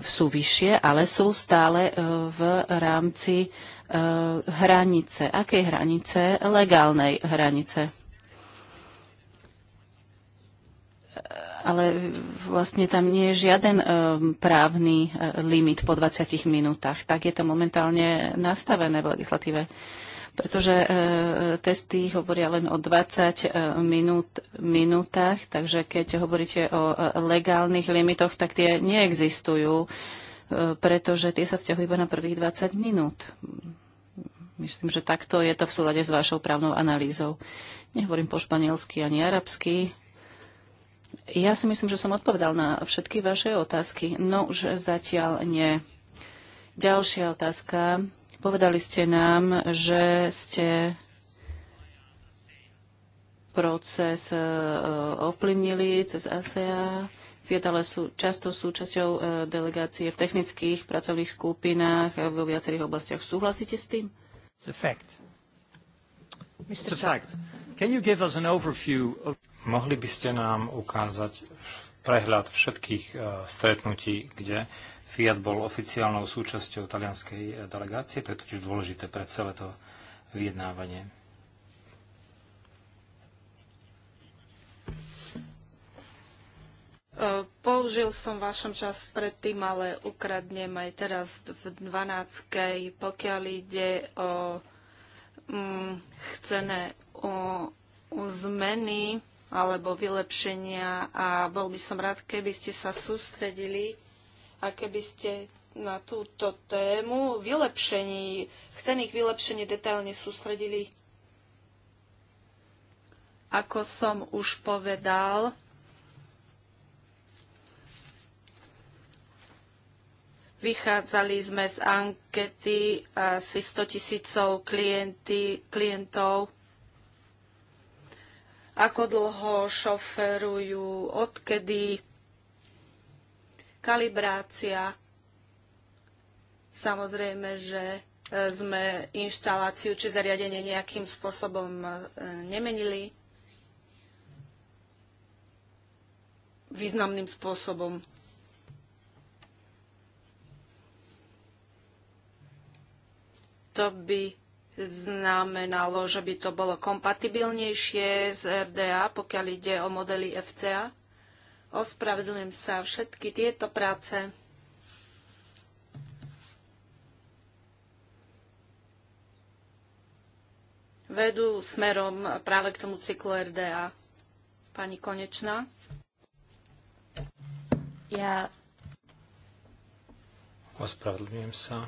sú vyššie, ale sú stále e, v rámci e, hranice. Akej hranice? Legálnej hranice. ale vlastne tam nie je žiaden eh, právny eh, limit po 20 minútach. Tak je to momentálne nastavené v legislatíve pretože eh, testy hovoria len o 20 minút, minútach, takže keď hovoríte o legálnych limitoch, tak tie neexistujú, pretože tie sa vťahujú iba na prvých 20 minút. Myslím, že takto je to v súlade s vašou právnou analýzou. Nehovorím po španielsky ani arabsky, ja si myslím, že som odpovedal na všetky vaše otázky. No už zatiaľ nie. Ďalšia otázka. Povedali ste nám, že ste proces e, ovplyvnili cez ASEA. Fietale sú často súčasťou e, delegácie v technických pracovných skupinách e, vo viacerých oblastiach. Súhlasíte s tým? It's a fact. Mr. It's a fact. Can you give us an overview of... Mohli by ste nám ukázať prehľad všetkých e, stretnutí, kde Fiat bol oficiálnou súčasťou talianskej e, delegácie? To je totiž dôležité pre celé to vyjednávanie. E, použil som vašom čas predtým, ale ukradnem aj teraz v 12. pokiaľ ide o Mm, chcené o, o zmeny alebo vylepšenia a bol by som rád, keby ste sa sústredili a keby ste na túto tému vylepšení, chcených vylepšení detailne sústredili. Ako som už povedal, Vychádzali sme z ankety asi 100 tisícov klientov, ako dlho šoferujú, odkedy, kalibrácia. Samozrejme, že e, sme inštaláciu či zariadenie nejakým spôsobom e, nemenili významným spôsobom. To by znamenalo, že by to bolo kompatibilnejšie s RDA, pokiaľ ide o modely FCA. Ospravedlňujem sa všetky tieto práce. vedú smerom práve k tomu cyklu RDA. Pani Konečná. Ja... Ospravedlňujem sa.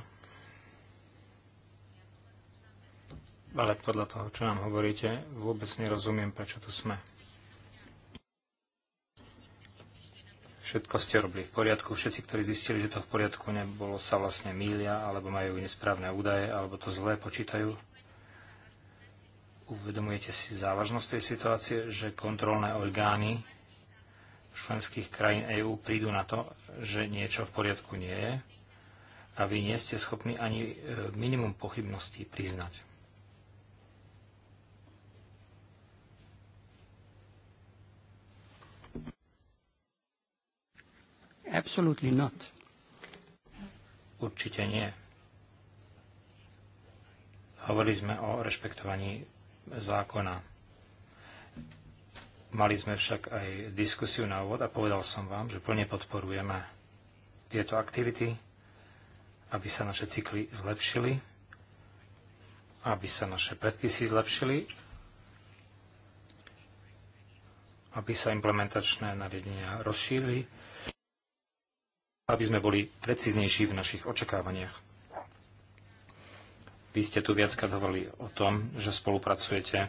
ale podľa toho, čo nám hovoríte, vôbec nerozumiem, prečo tu sme. Všetko ste robili v poriadku. Všetci, ktorí zistili, že to v poriadku nebolo, sa vlastne mília, alebo majú nesprávne údaje, alebo to zlé počítajú. Uvedomujete si závažnosť tej situácie, že kontrolné orgány členských krajín EÚ prídu na to, že niečo v poriadku nie je a vy nie ste schopní ani e, minimum pochybností priznať. Absolutely not. Určite nie. Hovorili sme o rešpektovaní zákona. Mali sme však aj diskusiu na úvod a povedal som vám, že plne podporujeme tieto aktivity, aby sa naše cykly zlepšili, aby sa naše predpisy zlepšili, aby sa implementačné nariadenia rozšírili, aby sme boli preciznejší v našich očakávaniach. Vy ste tu viackrát hovorili o tom, že spolupracujete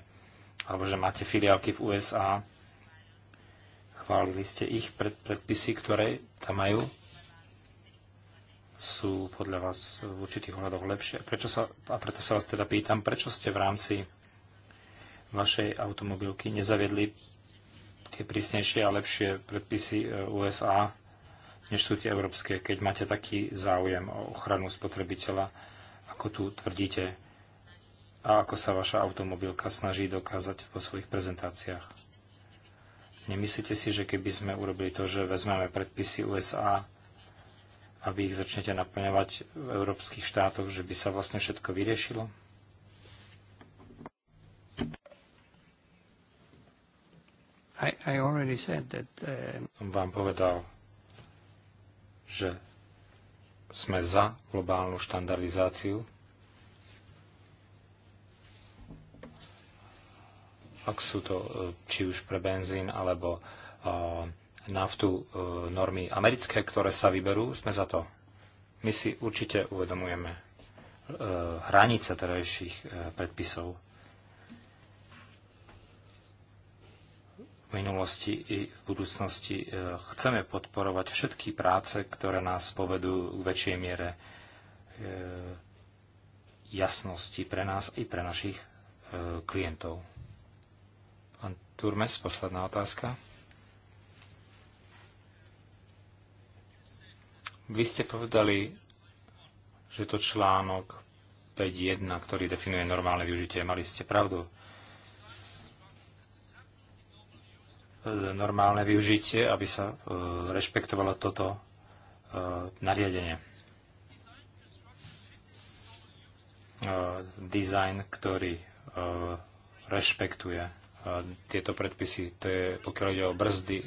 alebo že máte filiálky v USA. Chválili ste ich pred predpisy, ktoré tam majú. Sú podľa vás v určitých hľadoch lepšie. Prečo sa, a preto sa vás teda pýtam, prečo ste v rámci vašej automobilky nezaviedli tie prísnejšie a lepšie predpisy e, USA než sú tie európske, keď máte taký záujem o ochranu spotrebiteľa, ako tu tvrdíte a ako sa vaša automobilka snaží dokázať vo svojich prezentáciách. Nemyslíte si, že keby sme urobili to, že vezmeme predpisy USA a vy ich začnete naplňovať v európskych štátoch, že by sa vlastne všetko vyriešilo? I, I that, uh... Som vám povedal, že sme za globálnu štandardizáciu. Ak sú to e, či už pre benzín alebo e, naftu e, normy americké, ktoré sa vyberú, sme za to. My si určite uvedomujeme hranice terajších predpisov v minulosti i v budúcnosti e, chceme podporovať všetky práce, ktoré nás povedú k väčšej miere e, jasnosti pre nás i pre našich e, klientov. Pán Turmes, posledná otázka. Vy ste povedali, že to článok 5.1, ktorý definuje normálne využitie, mali ste pravdu E, normálne využitie, aby sa e, rešpektovalo toto e, nariadenie. Design, ktorý rešpektuje tieto predpisy, to je pokiaľ ide o brzdy,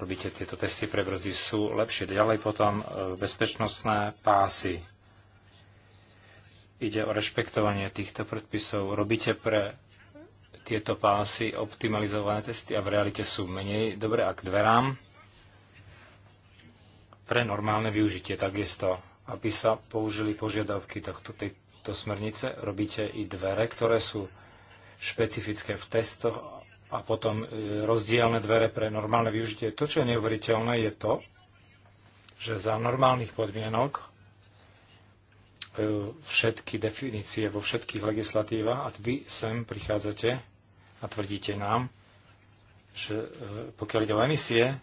robíte tieto testy pre brzdy, sú lepšie. Ďalej potom bezpečnostné pásy. Ide o rešpektovanie týchto predpisov. Robíte pre tieto pásy optimalizované testy a v realite sú menej dobré a k dverám pre normálne využitie takisto, aby sa použili požiadavky tohto, tejto smernice. Robíte i dvere, ktoré sú špecifické v testoch a potom e, rozdielne dvere pre normálne využitie. To, čo je neuveriteľné, je to, že za normálnych podmienok e, všetky definície vo všetkých legislatívach a vy sem prichádzate a tvrdíte nám, že e, pokiaľ ide o emisie,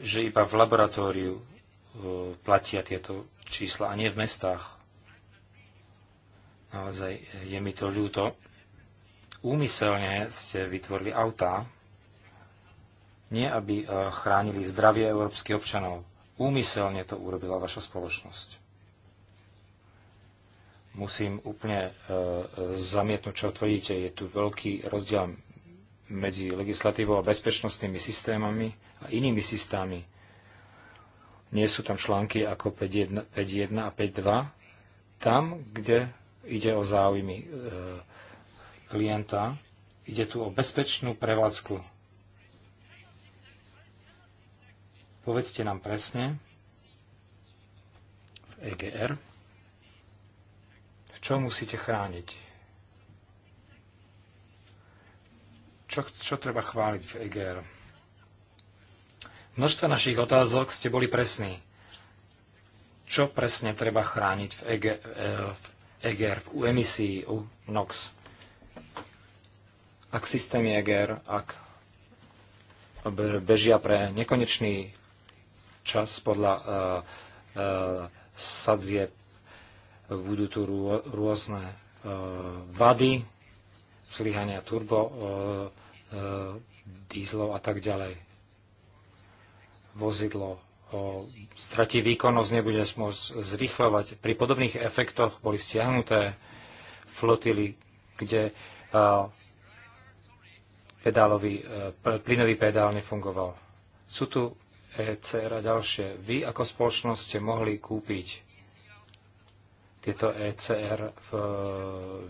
že iba v laboratóriu e, platia tieto čísla a nie v mestách. Naozaj e, je mi to ľúto. Úmyselne ste vytvorili autá, nie aby chránili zdravie európskych občanov. Úmyselne to urobila vaša spoločnosť musím úplne e, e, zamietnúť, čo tvrdíte. Je tu veľký rozdiel medzi legislatívou a bezpečnostnými systémami a inými systémami. Nie sú tam články ako 5.1 a 5.2. Tam, kde ide o záujmy e, klienta, ide tu o bezpečnú prevádzku. Povedzte nám presne v EGR. Čo musíte chrániť? Čo, čo treba chváliť v EGR? Množstvo našich otázok ste boli presní. Čo presne treba chrániť v, EGR, e, v EGR, u emisii, u NOx? Ak systém je EGR, ak bežia pre nekonečný čas podľa uh, e, uh, e, sadzie budú tu rôzne e, vady, slyhania turbo, e, e, dízlov a tak ďalej. Vozidlo stratí výkonnosť, nebude môcť zrychľovať. Pri podobných efektoch boli stiahnuté flotily, kde pedálový, plynový pedál nefungoval. Sú tu ECR a ďalšie. Vy ako spoločnosť ste mohli kúpiť tieto ECR v e,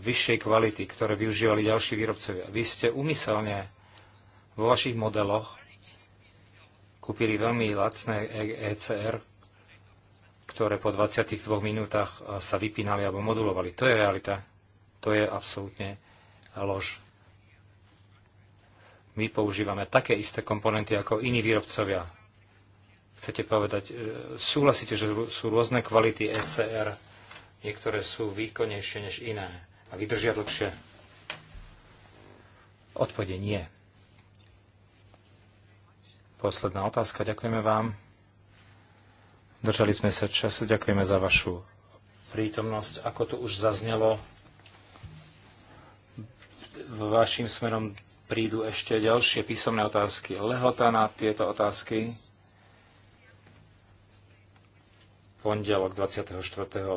vyššej kvality, ktoré využívali ďalší výrobcovia. Vy ste umyselne vo vašich modeloch kúpili veľmi lacné ECR, ktoré po 22 minútach e, sa vypínali alebo modulovali. To je realita. To je absolútne lož. My používame také isté komponenty ako iní výrobcovia. Chcete povedať, e, súhlasíte, že sú rôzne kvality ECR Niektoré sú výkonnejšie než iné a vydržia dlhšie. Odpovede nie. Posledná otázka. Ďakujeme vám. Držali sme sa času. Ďakujeme za vašu prítomnosť. Ako tu už zaznelo, vašim smerom prídu ešte ďalšie písomné otázky. Lehota na tieto otázky pondelok 24.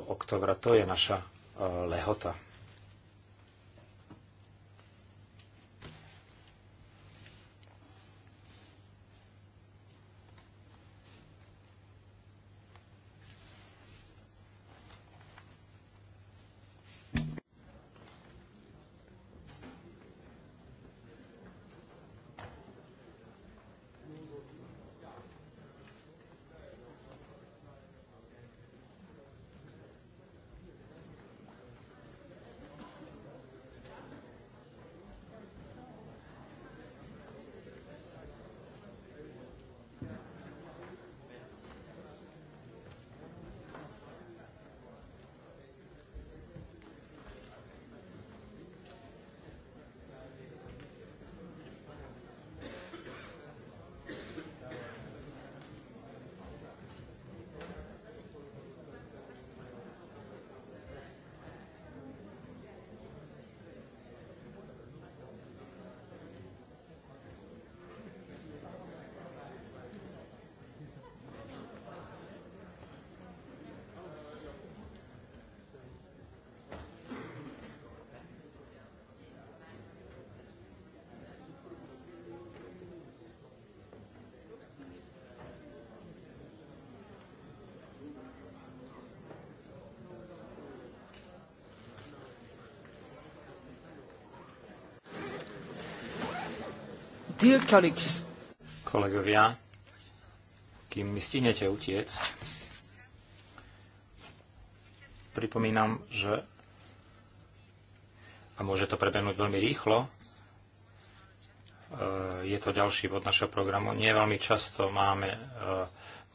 oktobra. To je naša eh, lehota. Dear colleagues. Kolegovia, kým mi stihnete utiecť, pripomínam, že a môže to prebehnúť veľmi rýchlo, e, je to ďalší bod našeho programu. Nie veľmi často máme e,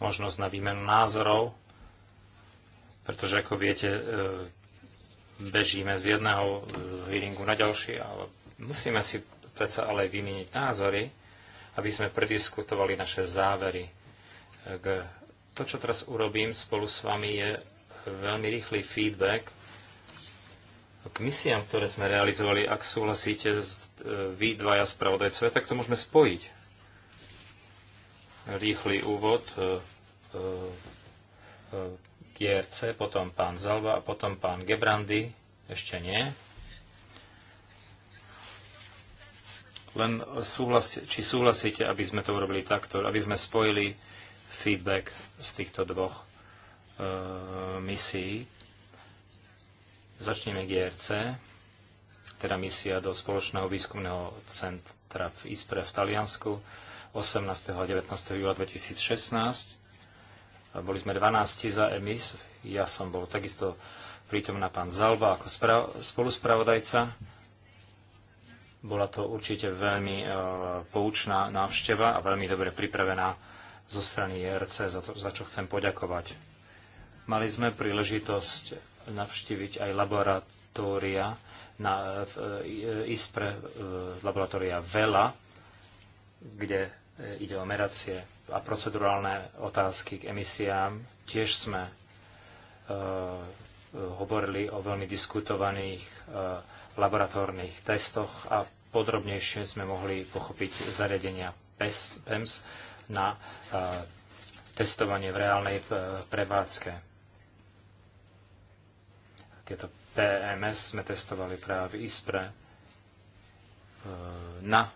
možnosť na výmenu názorov, pretože ako viete, e, bežíme z jedného hearingu na ďalší, ale musíme si predsa ale aj vymeniť názory, aby sme prediskutovali naše závery. To, čo teraz urobím spolu s vami, je veľmi rýchly feedback k misiám, ktoré sme realizovali. Ak súhlasíte e, vy dvaja spravodajcovia, tak to môžeme spojiť. Rýchly úvod e, e, GRC, potom pán Zalva a potom pán Gebrandy. Ešte nie. Len súhlas, či súhlasíte, aby sme to urobili takto, aby sme spojili feedback z týchto dvoch e, misií. Začneme GRC, teda misia do spoločného výskumného centra v Ispre v Taliansku 18. a 19. júla 2016. Boli sme 12 za EMIS, ja som bol takisto prítomná pán Zalva ako spoluspravodajca bola to určite veľmi e, poučná návšteva a veľmi dobre pripravená zo strany JRC, e za, to, za čo chcem poďakovať. Mali sme príležitosť navštíviť aj laboratória na e, ISPRE, laboratória VELA, kde ide o meracie a procedurálne otázky k emisiám. Tiež sme hovorili o veľmi diskutovaných laboratórnych testoch a podrobnejšie sme mohli pochopiť zariadenia PEMS na e, testovanie v reálnej e, prevádzke. Tieto PMS sme testovali práve v ISPRE e, na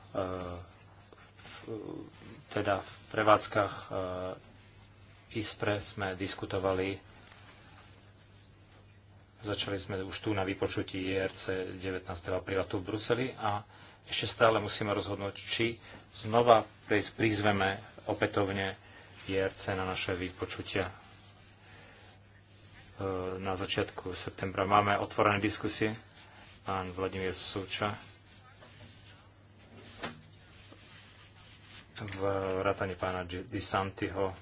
teda v prevádzkach ISPRE sme diskutovali Začali sme už tu na vypočutí IRC 19. apríla tu v Bruseli a ešte stále musíme rozhodnúť, či znova prizveme opätovne JRC na naše vypočutia. E, na začiatku septembra máme otvorené diskusie. Pán Vladimír Súča v rátane pána Disantiho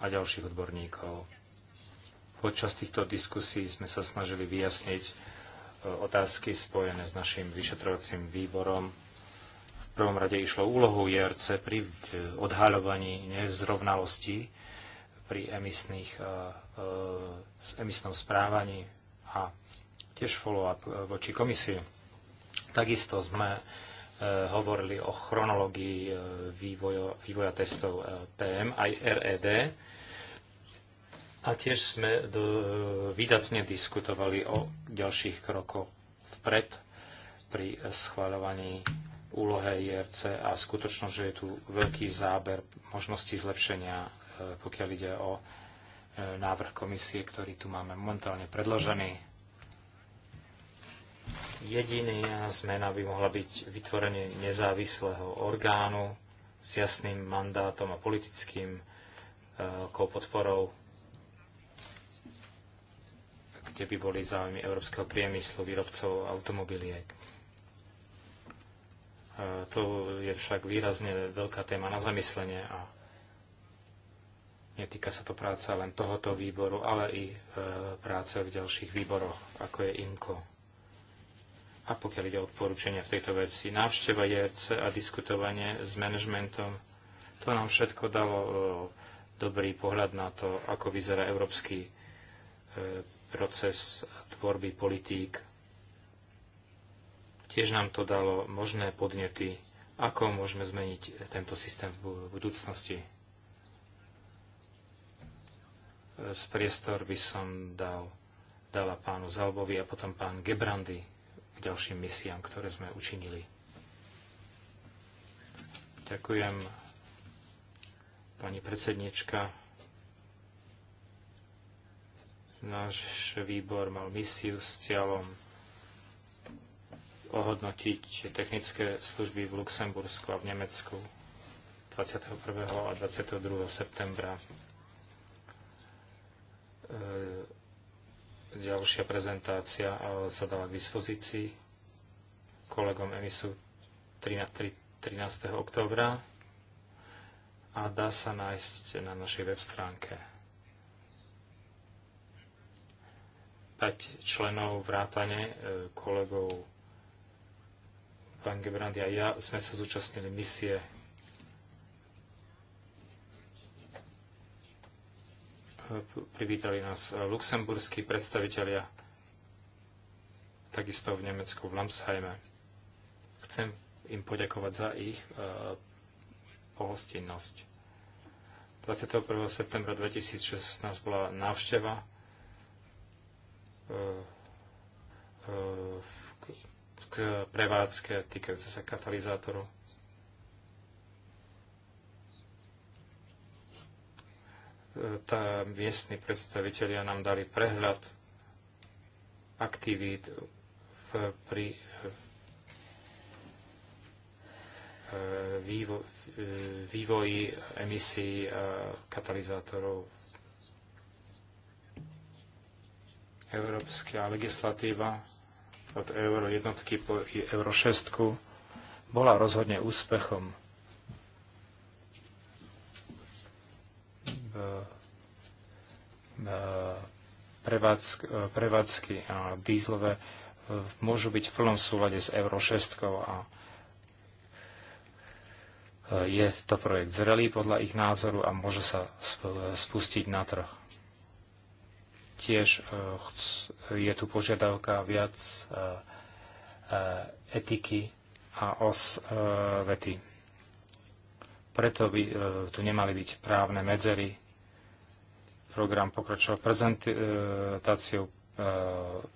a ďalších odborníkov. Počas týchto diskusí sme sa snažili vyjasniť, otázky spojené s našim vyšetrovacím výborom. V prvom rade išlo úlohu JRC pri odhaľovaní nezrovnalostí pri emisných, e, e, emisnom správaní a tiež follow-up e, voči komisii. Takisto sme hovorili o chronológii vývoja, vývoja testov PM aj RED a tiež sme e, výdatne diskutovali o ďalších krokoch vpred pri schváľovaní úlohe IRC a skutočno, že je tu veľký záber možností zlepšenia, e, pokiaľ ide o e, návrh komisie, ktorý tu máme momentálne predložený. Jediná zmena by mohla byť vytvorenie nezávislého orgánu s jasným mandátom a politickým podporou kde by boli záujmy európskeho priemyslu, výrobcov automobiliek. To je však výrazne veľká téma na zamyslenie a netýka sa to práca len tohoto výboru, ale i e, práce v ďalších výboroch, ako je IMCO a pokiaľ ide o odporúčania v tejto veci, návšteva JRC a diskutovanie s manažmentom, to nám všetko dalo e, dobrý pohľad na to, ako vyzerá európsky e, proces tvorby politík. Tiež nám to dalo možné podnety, ako môžeme zmeniť tento systém v budúcnosti. Z priestor by som dal, dala pánu Zalbovi a potom pán Gebrandy k ďalším misiám, ktoré sme učinili. Ďakujem, pani predsednička. Náš výbor mal misiu s cieľom ohodnotiť technické služby v Luxembursku a v Nemecku 21. a 22. septembra. E, ďalšia prezentácia sa dala k dispozícii kolegom Emisu 13. 13. oktobra a dá sa nájsť na našej web stránke. 5 členov vrátane e, kolegov pán Gebrandy a ja sme sa zúčastnili misie e, privítali nás luxemburskí predstavitelia takisto v Nemecku, v Lamsheime. Chcem im poďakovať za ich e, pohostinnosť. 21. septembra 2016 bola návšteva k prevádzke týkajúce sa katalizátorov. Tá miestni predstavitelia nám dali prehľad aktivít v, pri e, vývo, e, vývoji emisí e, katalizátorov Európska legislatíva od euro jednotky po euro šestku bola rozhodne úspechom. Prevádzky, prevádzky a dízlové e, môžu byť v plnom súlade s Euro 6 a e, je to projekt zrelý podľa ich názoru a môže sa spustiť na trh. Tiež e, je tu požiadavka viac e, e, etiky a osvety. Preto by tu nemali byť právne medzery. Program pokračoval prezentáciou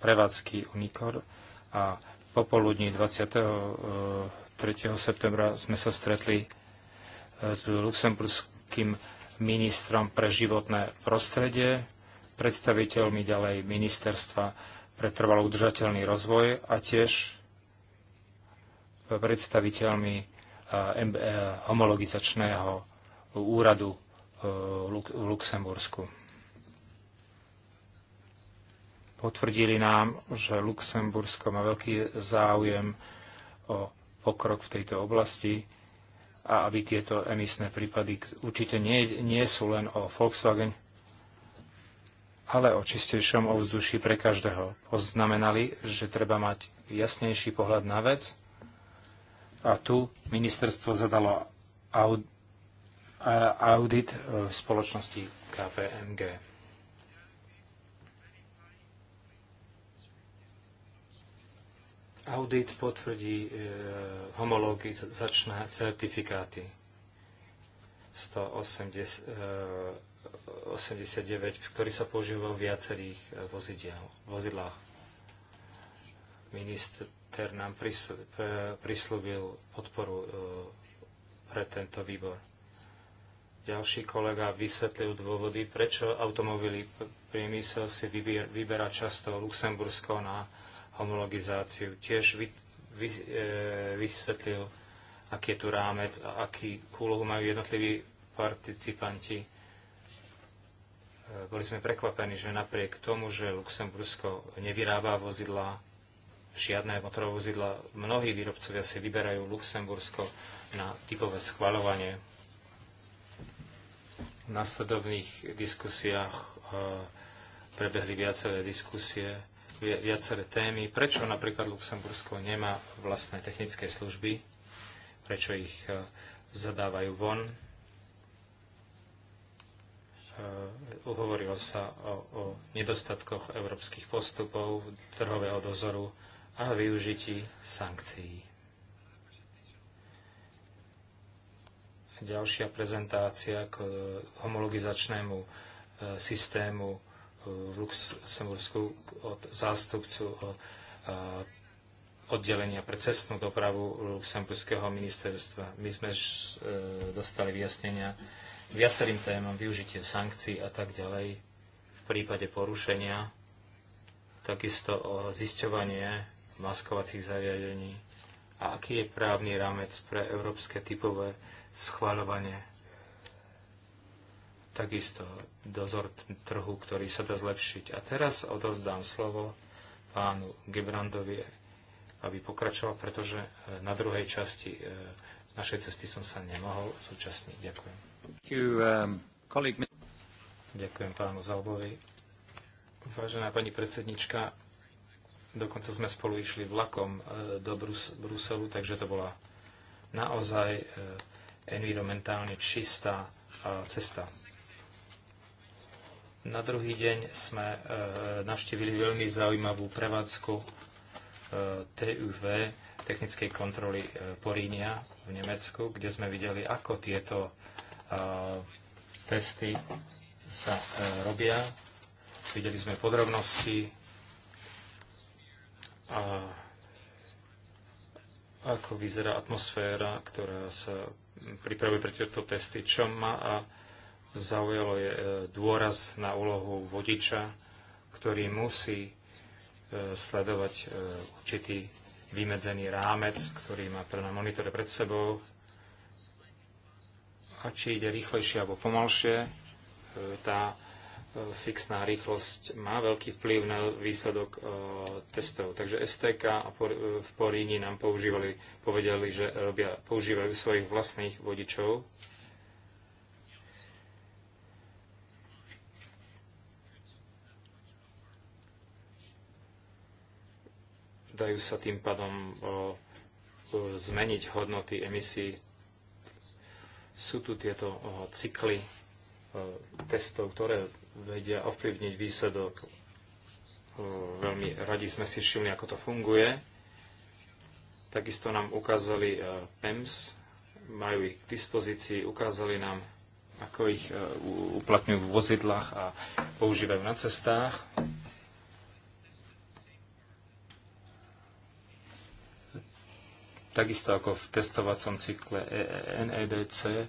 prevádzky Unicor a popoludní 23. septembra sme sa stretli s luxemburským ministrom pre životné prostredie predstaviteľmi ďalej ministerstva pre trvalo udržateľný rozvoj a tiež predstaviteľmi e, e, homologizačného úradu e, v Luxembursku. Potvrdili nám, že Luxembursko má veľký záujem o pokrok v tejto oblasti a aby tieto emisné prípady určite nie, nie sú len o Volkswagen, ale o čistejšom ovzduší pre každého. Poznamenali, že treba mať jasnejší pohľad na vec a tu ministerstvo zadalo audit e, v spoločnosti KPMG. Audit potvrdí e, homologizačné certifikáty 180 89, ktorý sa používa v viacerých eh, vozidiel, vozidlách. Minister nám eh, prislúbil podporu eh, pre tento výbor. Ďalší kolega vysvetlil dôvody, prečo automobilový priemysel si vyberá často Luxembursko na homologizáciu. Tiež vysvetlil, aký je tu rámec a aký úlohu majú jednotliví participanti E, boli sme prekvapení, že napriek tomu, že Luxembursko nevyrába vozidla, žiadne motorové vozidla, mnohí výrobcovia si vyberajú Luxembursko na typové schvaľovanie. V nasledovných diskusiách e, prebehli viaceré diskusie, viaceré témy. Prečo napríklad Luxembursko nemá vlastné technické služby? Prečo ich e, zadávajú von? Eh, hovorilo sa o, o nedostatkoch európskych postupov, trhového dozoru a využití sankcií. Ďalšia prezentácia k homologizačnému eh, systému eh, v Luxembursku od zástupcu oddelenia pre cestnú dopravu Luxemburského ministerstva. My sme dostali vyjasnenia, viacerým témam, využitie sankcií a tak ďalej v prípade porušenia, takisto o zisťovanie maskovacích zariadení a aký je právny rámec pre európske typové schváľovanie. Takisto dozor trhu, ktorý sa dá zlepšiť. A teraz odovzdám slovo pánu Gebrandovi, aby pokračoval, pretože na druhej časti eh, našej cesty som sa nemohol zúčastniť. Ďakujem. Um, Ďakujem pánu Zalbovi. Vážená pani predsednička, dokonca sme spolu išli vlakom e, do Brus- Bruselu, takže to bola naozaj e, environmentálne čistá e, cesta. Na druhý deň sme navštívili veľmi zaujímavú prevádzku TUV, technickej kontroly Porínia v Nemecku, kde sme videli, ako tieto testy sa e, robia. Videli sme podrobnosti. A ako vyzerá atmosféra, ktorá sa pripravuje pre tieto testy. Čo ma a zaujalo je e, dôraz na úlohu vodiča, ktorý musí e, sledovať určitý vymedzený rámec, ktorý má na monitore pred sebou a či ide rýchlejšie alebo pomalšie. E, tá e, fixná rýchlosť má veľký vplyv na výsledok e, testov. Takže STK v Poríni nám používali, povedali, že robia, používajú svojich vlastných vodičov. Dajú sa tým pádom zmeniť hodnoty emisí sú tu tieto cykly testov, ktoré vedia ovplyvniť výsledok. Veľmi radi sme si všimli, ako to funguje. Takisto nám ukázali e, PEMS, majú ich k dispozícii, ukázali nám, ako ich e, uplatňujú v vozidlách a používajú na cestách. takisto ako v testovacom cykle e e NEDC, e,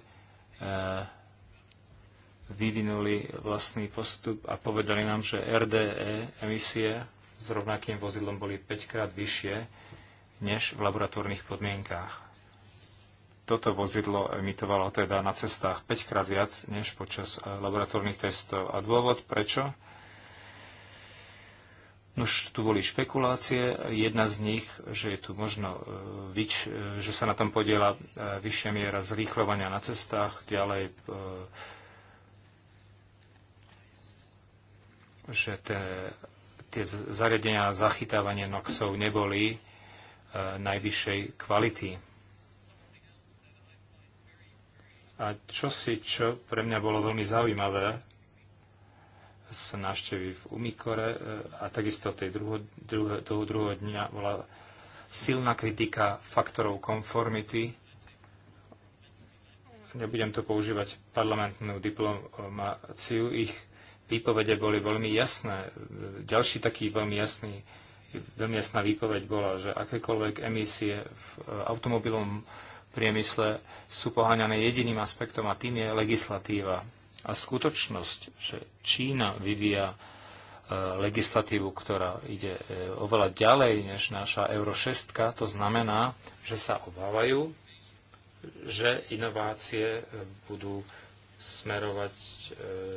vyvinuli vlastný postup a povedali nám, že RDE emisie s rovnakým vozidlom boli 5 krát vyššie než v laboratórnych podmienkách. Toto vozidlo emitovalo teda na cestách 5 krát viac než počas laboratórnych testov. A dôvod prečo? Už tu boli špekulácie, jedna z nich, že je tu možno, e, vyč, e, že sa na tom podiela e, vyššia miera zrýchľovania na cestách, ďalej že te, tie zariadenia zachytávania noxov neboli e, najvyššej kvality. A čo si, čo pre mňa bolo veľmi zaujímavé, z návštevy v Umikore e, a takisto tej druho, druho, toho druhého dňa bola silná kritika faktorov konformity. Nebudem to používať parlamentnú diplomáciu. Ich výpovede boli veľmi jasné. Ďalší taký veľmi jasný veľmi jasná výpoveď bola, že akékoľvek emisie v e, automobilom priemysle sú poháňané jediným aspektom a tým je legislatíva. A skutočnosť, že Čína vyvíja e, legislatívu, ktorá ide e, oveľa ďalej než naša Euro 6, to znamená, že sa obávajú, že inovácie e, budú smerovať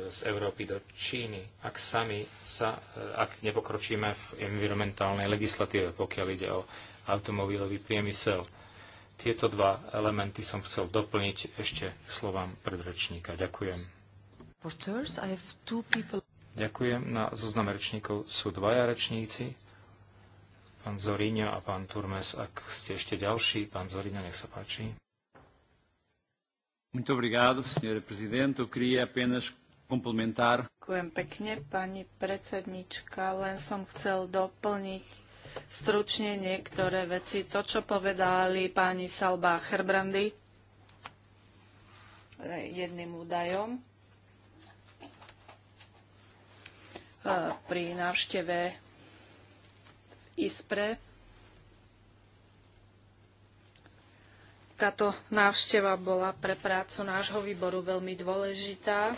z Európy do Číny, ak sami sa, ak nepokročíme v environmentálnej legislatíve, pokiaľ ide o automobilový priemysel. Tieto dva elementy som chcel doplniť ešte slovám predrečníka. Ďakujem. Ďakujem. Na zozname rečníkov sú dvaja rečníci. Pán Zoríňa a pán Turmes, ak ste ešte ďalší. Pán Zoríňa, nech sa páči. Muito obrigado, senhor presidente. Eu queria apenas complementar. Ďakujem pekne, pani predsednička. Len som chcel doplniť stručne niektoré veci. To, čo povedali páni Salba Herbrandy eh, jedným údajom E, pri návšteve ISPRE. Táto návšteva bola pre prácu nášho výboru veľmi dôležitá.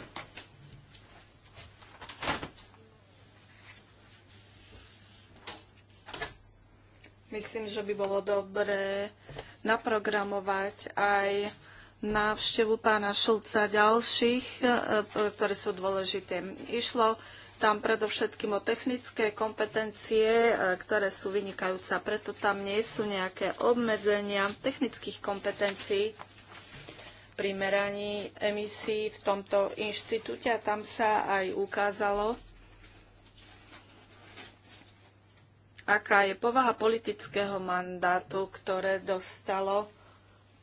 Myslím, že by bolo dobré naprogramovať aj návštevu pána Šulca ďalších, e, e, ktoré sú dôležité. Išlo tam predovšetkým o technické kompetencie, e, ktoré sú vynikajúce, preto tam nie sú nejaké obmedzenia technických kompetencií pri meraní emisí v tomto inštitúte a tam sa aj ukázalo, aká je povaha politického mandátu, ktoré dostalo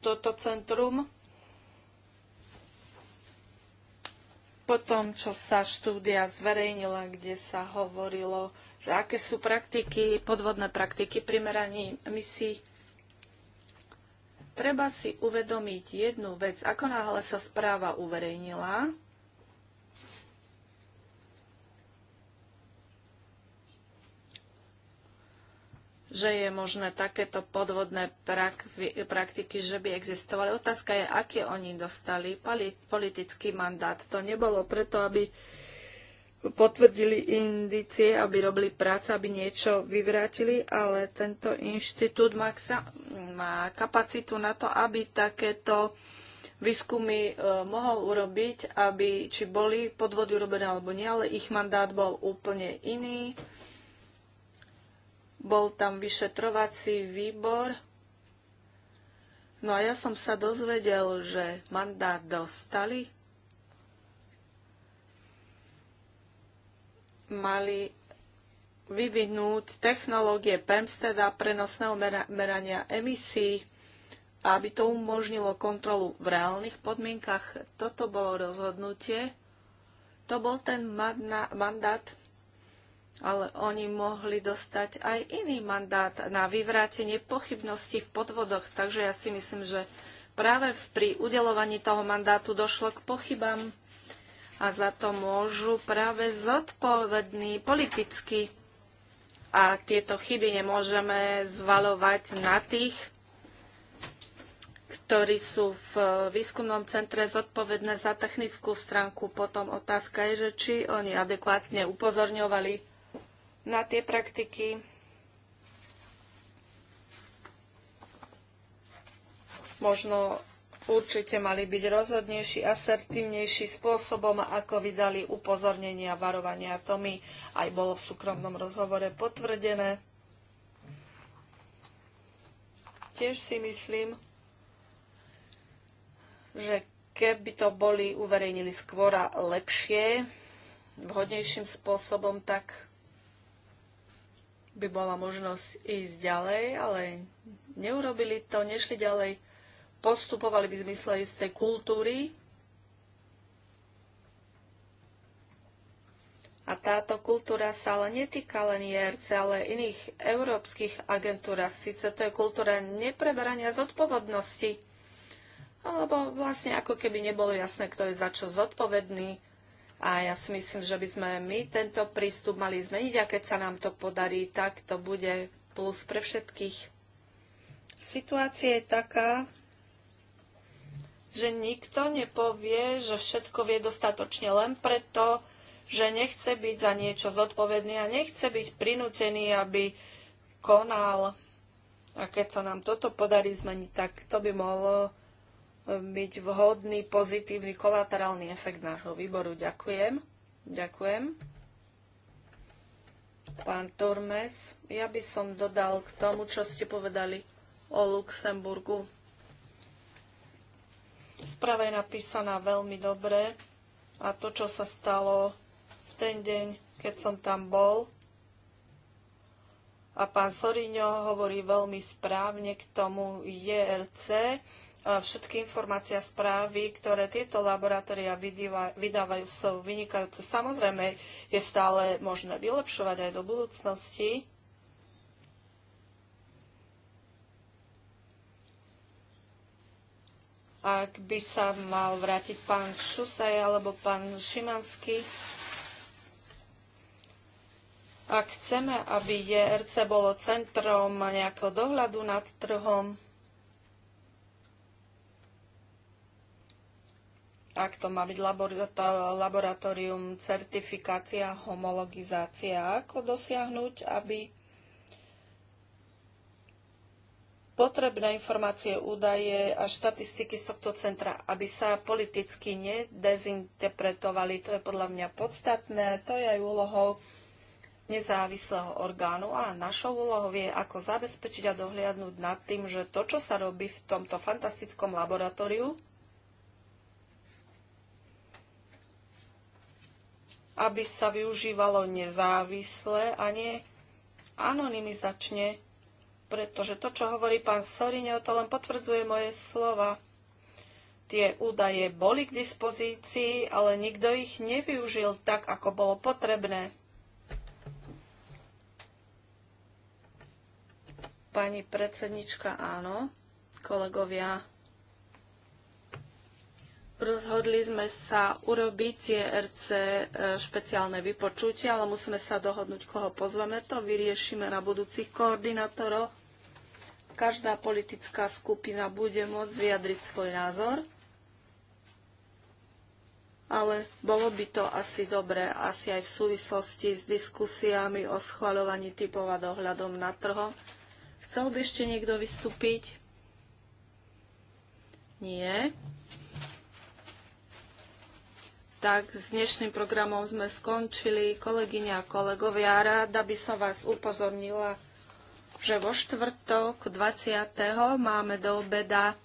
toto centrum po tom, čo sa štúdia zverejnila, kde sa hovorilo, že aké sú praktiky, podvodné praktiky primeraní misí, treba si uvedomiť jednu vec. Ako náhle sa správa uverejnila, že je možné takéto podvodné praktiky, že by existovali. Otázka je, aké oni dostali politický mandát. To nebolo preto, aby potvrdili indície, aby robili prácu, aby niečo vyvrátili, ale tento inštitút má, má kapacitu na to, aby takéto výskumy e, mohol urobiť, aby či boli podvody urobené alebo nie, ale ich mandát bol úplne iný bol tam vyšetrovací výbor. No a ja som sa dozvedel, že mandát dostali. Mali vyvinúť technológie PEMS, teda prenosného merania emisí, aby to umožnilo kontrolu v reálnych podmienkach. Toto bolo rozhodnutie. To bol ten mandát ale oni mohli dostať aj iný mandát na vyvrátenie pochybností v podvodoch. Takže ja si myslím, že práve pri udelovaní toho mandátu došlo k pochybám a za to môžu práve zodpovední politicky. A tieto chyby nemôžeme zvalovať na tých, ktorí sú v výskumnom centre zodpovedné za technickú stránku. Potom otázka je, že či oni adekvátne upozorňovali na tie praktiky. Možno určite mali byť rozhodnejší, asertívnejší spôsobom, ako vydali upozornenia, varovania. To mi aj bolo v súkromnom rozhovore potvrdené. Tiež si myslím, že keby to boli uverejnili skôr a lepšie, vhodnejším spôsobom, tak by bola možnosť ísť ďalej, ale neurobili to, nešli ďalej, postupovali by v zmysle istej kultúry. A táto kultúra sa ale netýka len IRC, ale iných európskych agentúr. síce to je kultúra nepreberania zodpovednosti, alebo vlastne ako keby nebolo jasné, kto je za čo zodpovedný, a ja si myslím, že by sme my tento prístup mali zmeniť a keď sa nám to podarí, tak to bude plus pre všetkých. Situácia je taká, že nikto nepovie, že všetko vie dostatočne len preto, že nechce byť za niečo zodpovedný a nechce byť prinútený, aby konal. A keď sa nám toto podarí zmeniť, tak to by mohlo byť vhodný pozitívny kolaterálny efekt nášho výboru. Ďakujem. Ďakujem. Pán Turmes, ja by som dodal k tomu, čo ste povedali o Luxemburgu. Správa je napísaná veľmi dobre a to, čo sa stalo v ten deň, keď som tam bol, a pán Soriňo hovorí veľmi správne k tomu JRC, Všetky informácie a správy, ktoré tieto laboratória vydávajú, sú vynikajúce. Samozrejme, je stále možné vylepšovať aj do budúcnosti. Ak by sa mal vrátiť pán Šusaj alebo pán Šimanský, ak chceme, aby JRC bolo centrom nejakého dohľadu nad trhom, Ak to má byť laboratórium, certifikácia, homologizácia, ako dosiahnuť, aby potrebné informácie, údaje a štatistiky z tohto centra, aby sa politicky nedezinterpretovali. To je podľa mňa podstatné. To je aj úlohou nezávislého orgánu a našou úlohou je, ako zabezpečiť a dohliadnúť nad tým, že to, čo sa robí v tomto fantastickom laboratóriu, aby sa využívalo nezávisle a nie anonymizačne, pretože to, čo hovorí pán Sorino, to len potvrdzuje moje slova. Tie údaje boli k dispozícii, ale nikto ich nevyužil tak, ako bolo potrebné. Pani predsednička, áno. Kolegovia, Rozhodli sme sa urobiť CRC e, špeciálne vypočutie, ale musíme sa dohodnúť, koho pozveme. To vyriešime na budúcich koordinátoroch. Každá politická skupina bude môcť vyjadriť svoj názor, ale bolo by to asi dobre, asi aj v súvislosti s diskusiami o schvaľovaní typov a dohľadom na trhom. Chcel by ešte niekto vystúpiť? Nie tak s dnešným programom sme skončili. Kolegyne a kolegovia, rada by som vás upozornila, že vo štvrtok 20. máme do obeda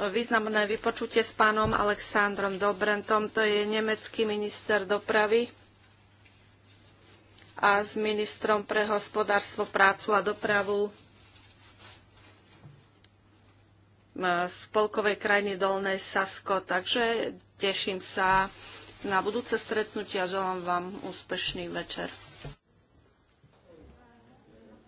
významné vypočutie s pánom Aleksandrom Dobrentom. To je nemecký minister dopravy a s ministrom pre hospodárstvo, prácu a dopravu spolkovej krajiny Dolnej Sasko. Takže teším sa na budúce stretnutie a želám vám úspešný večer.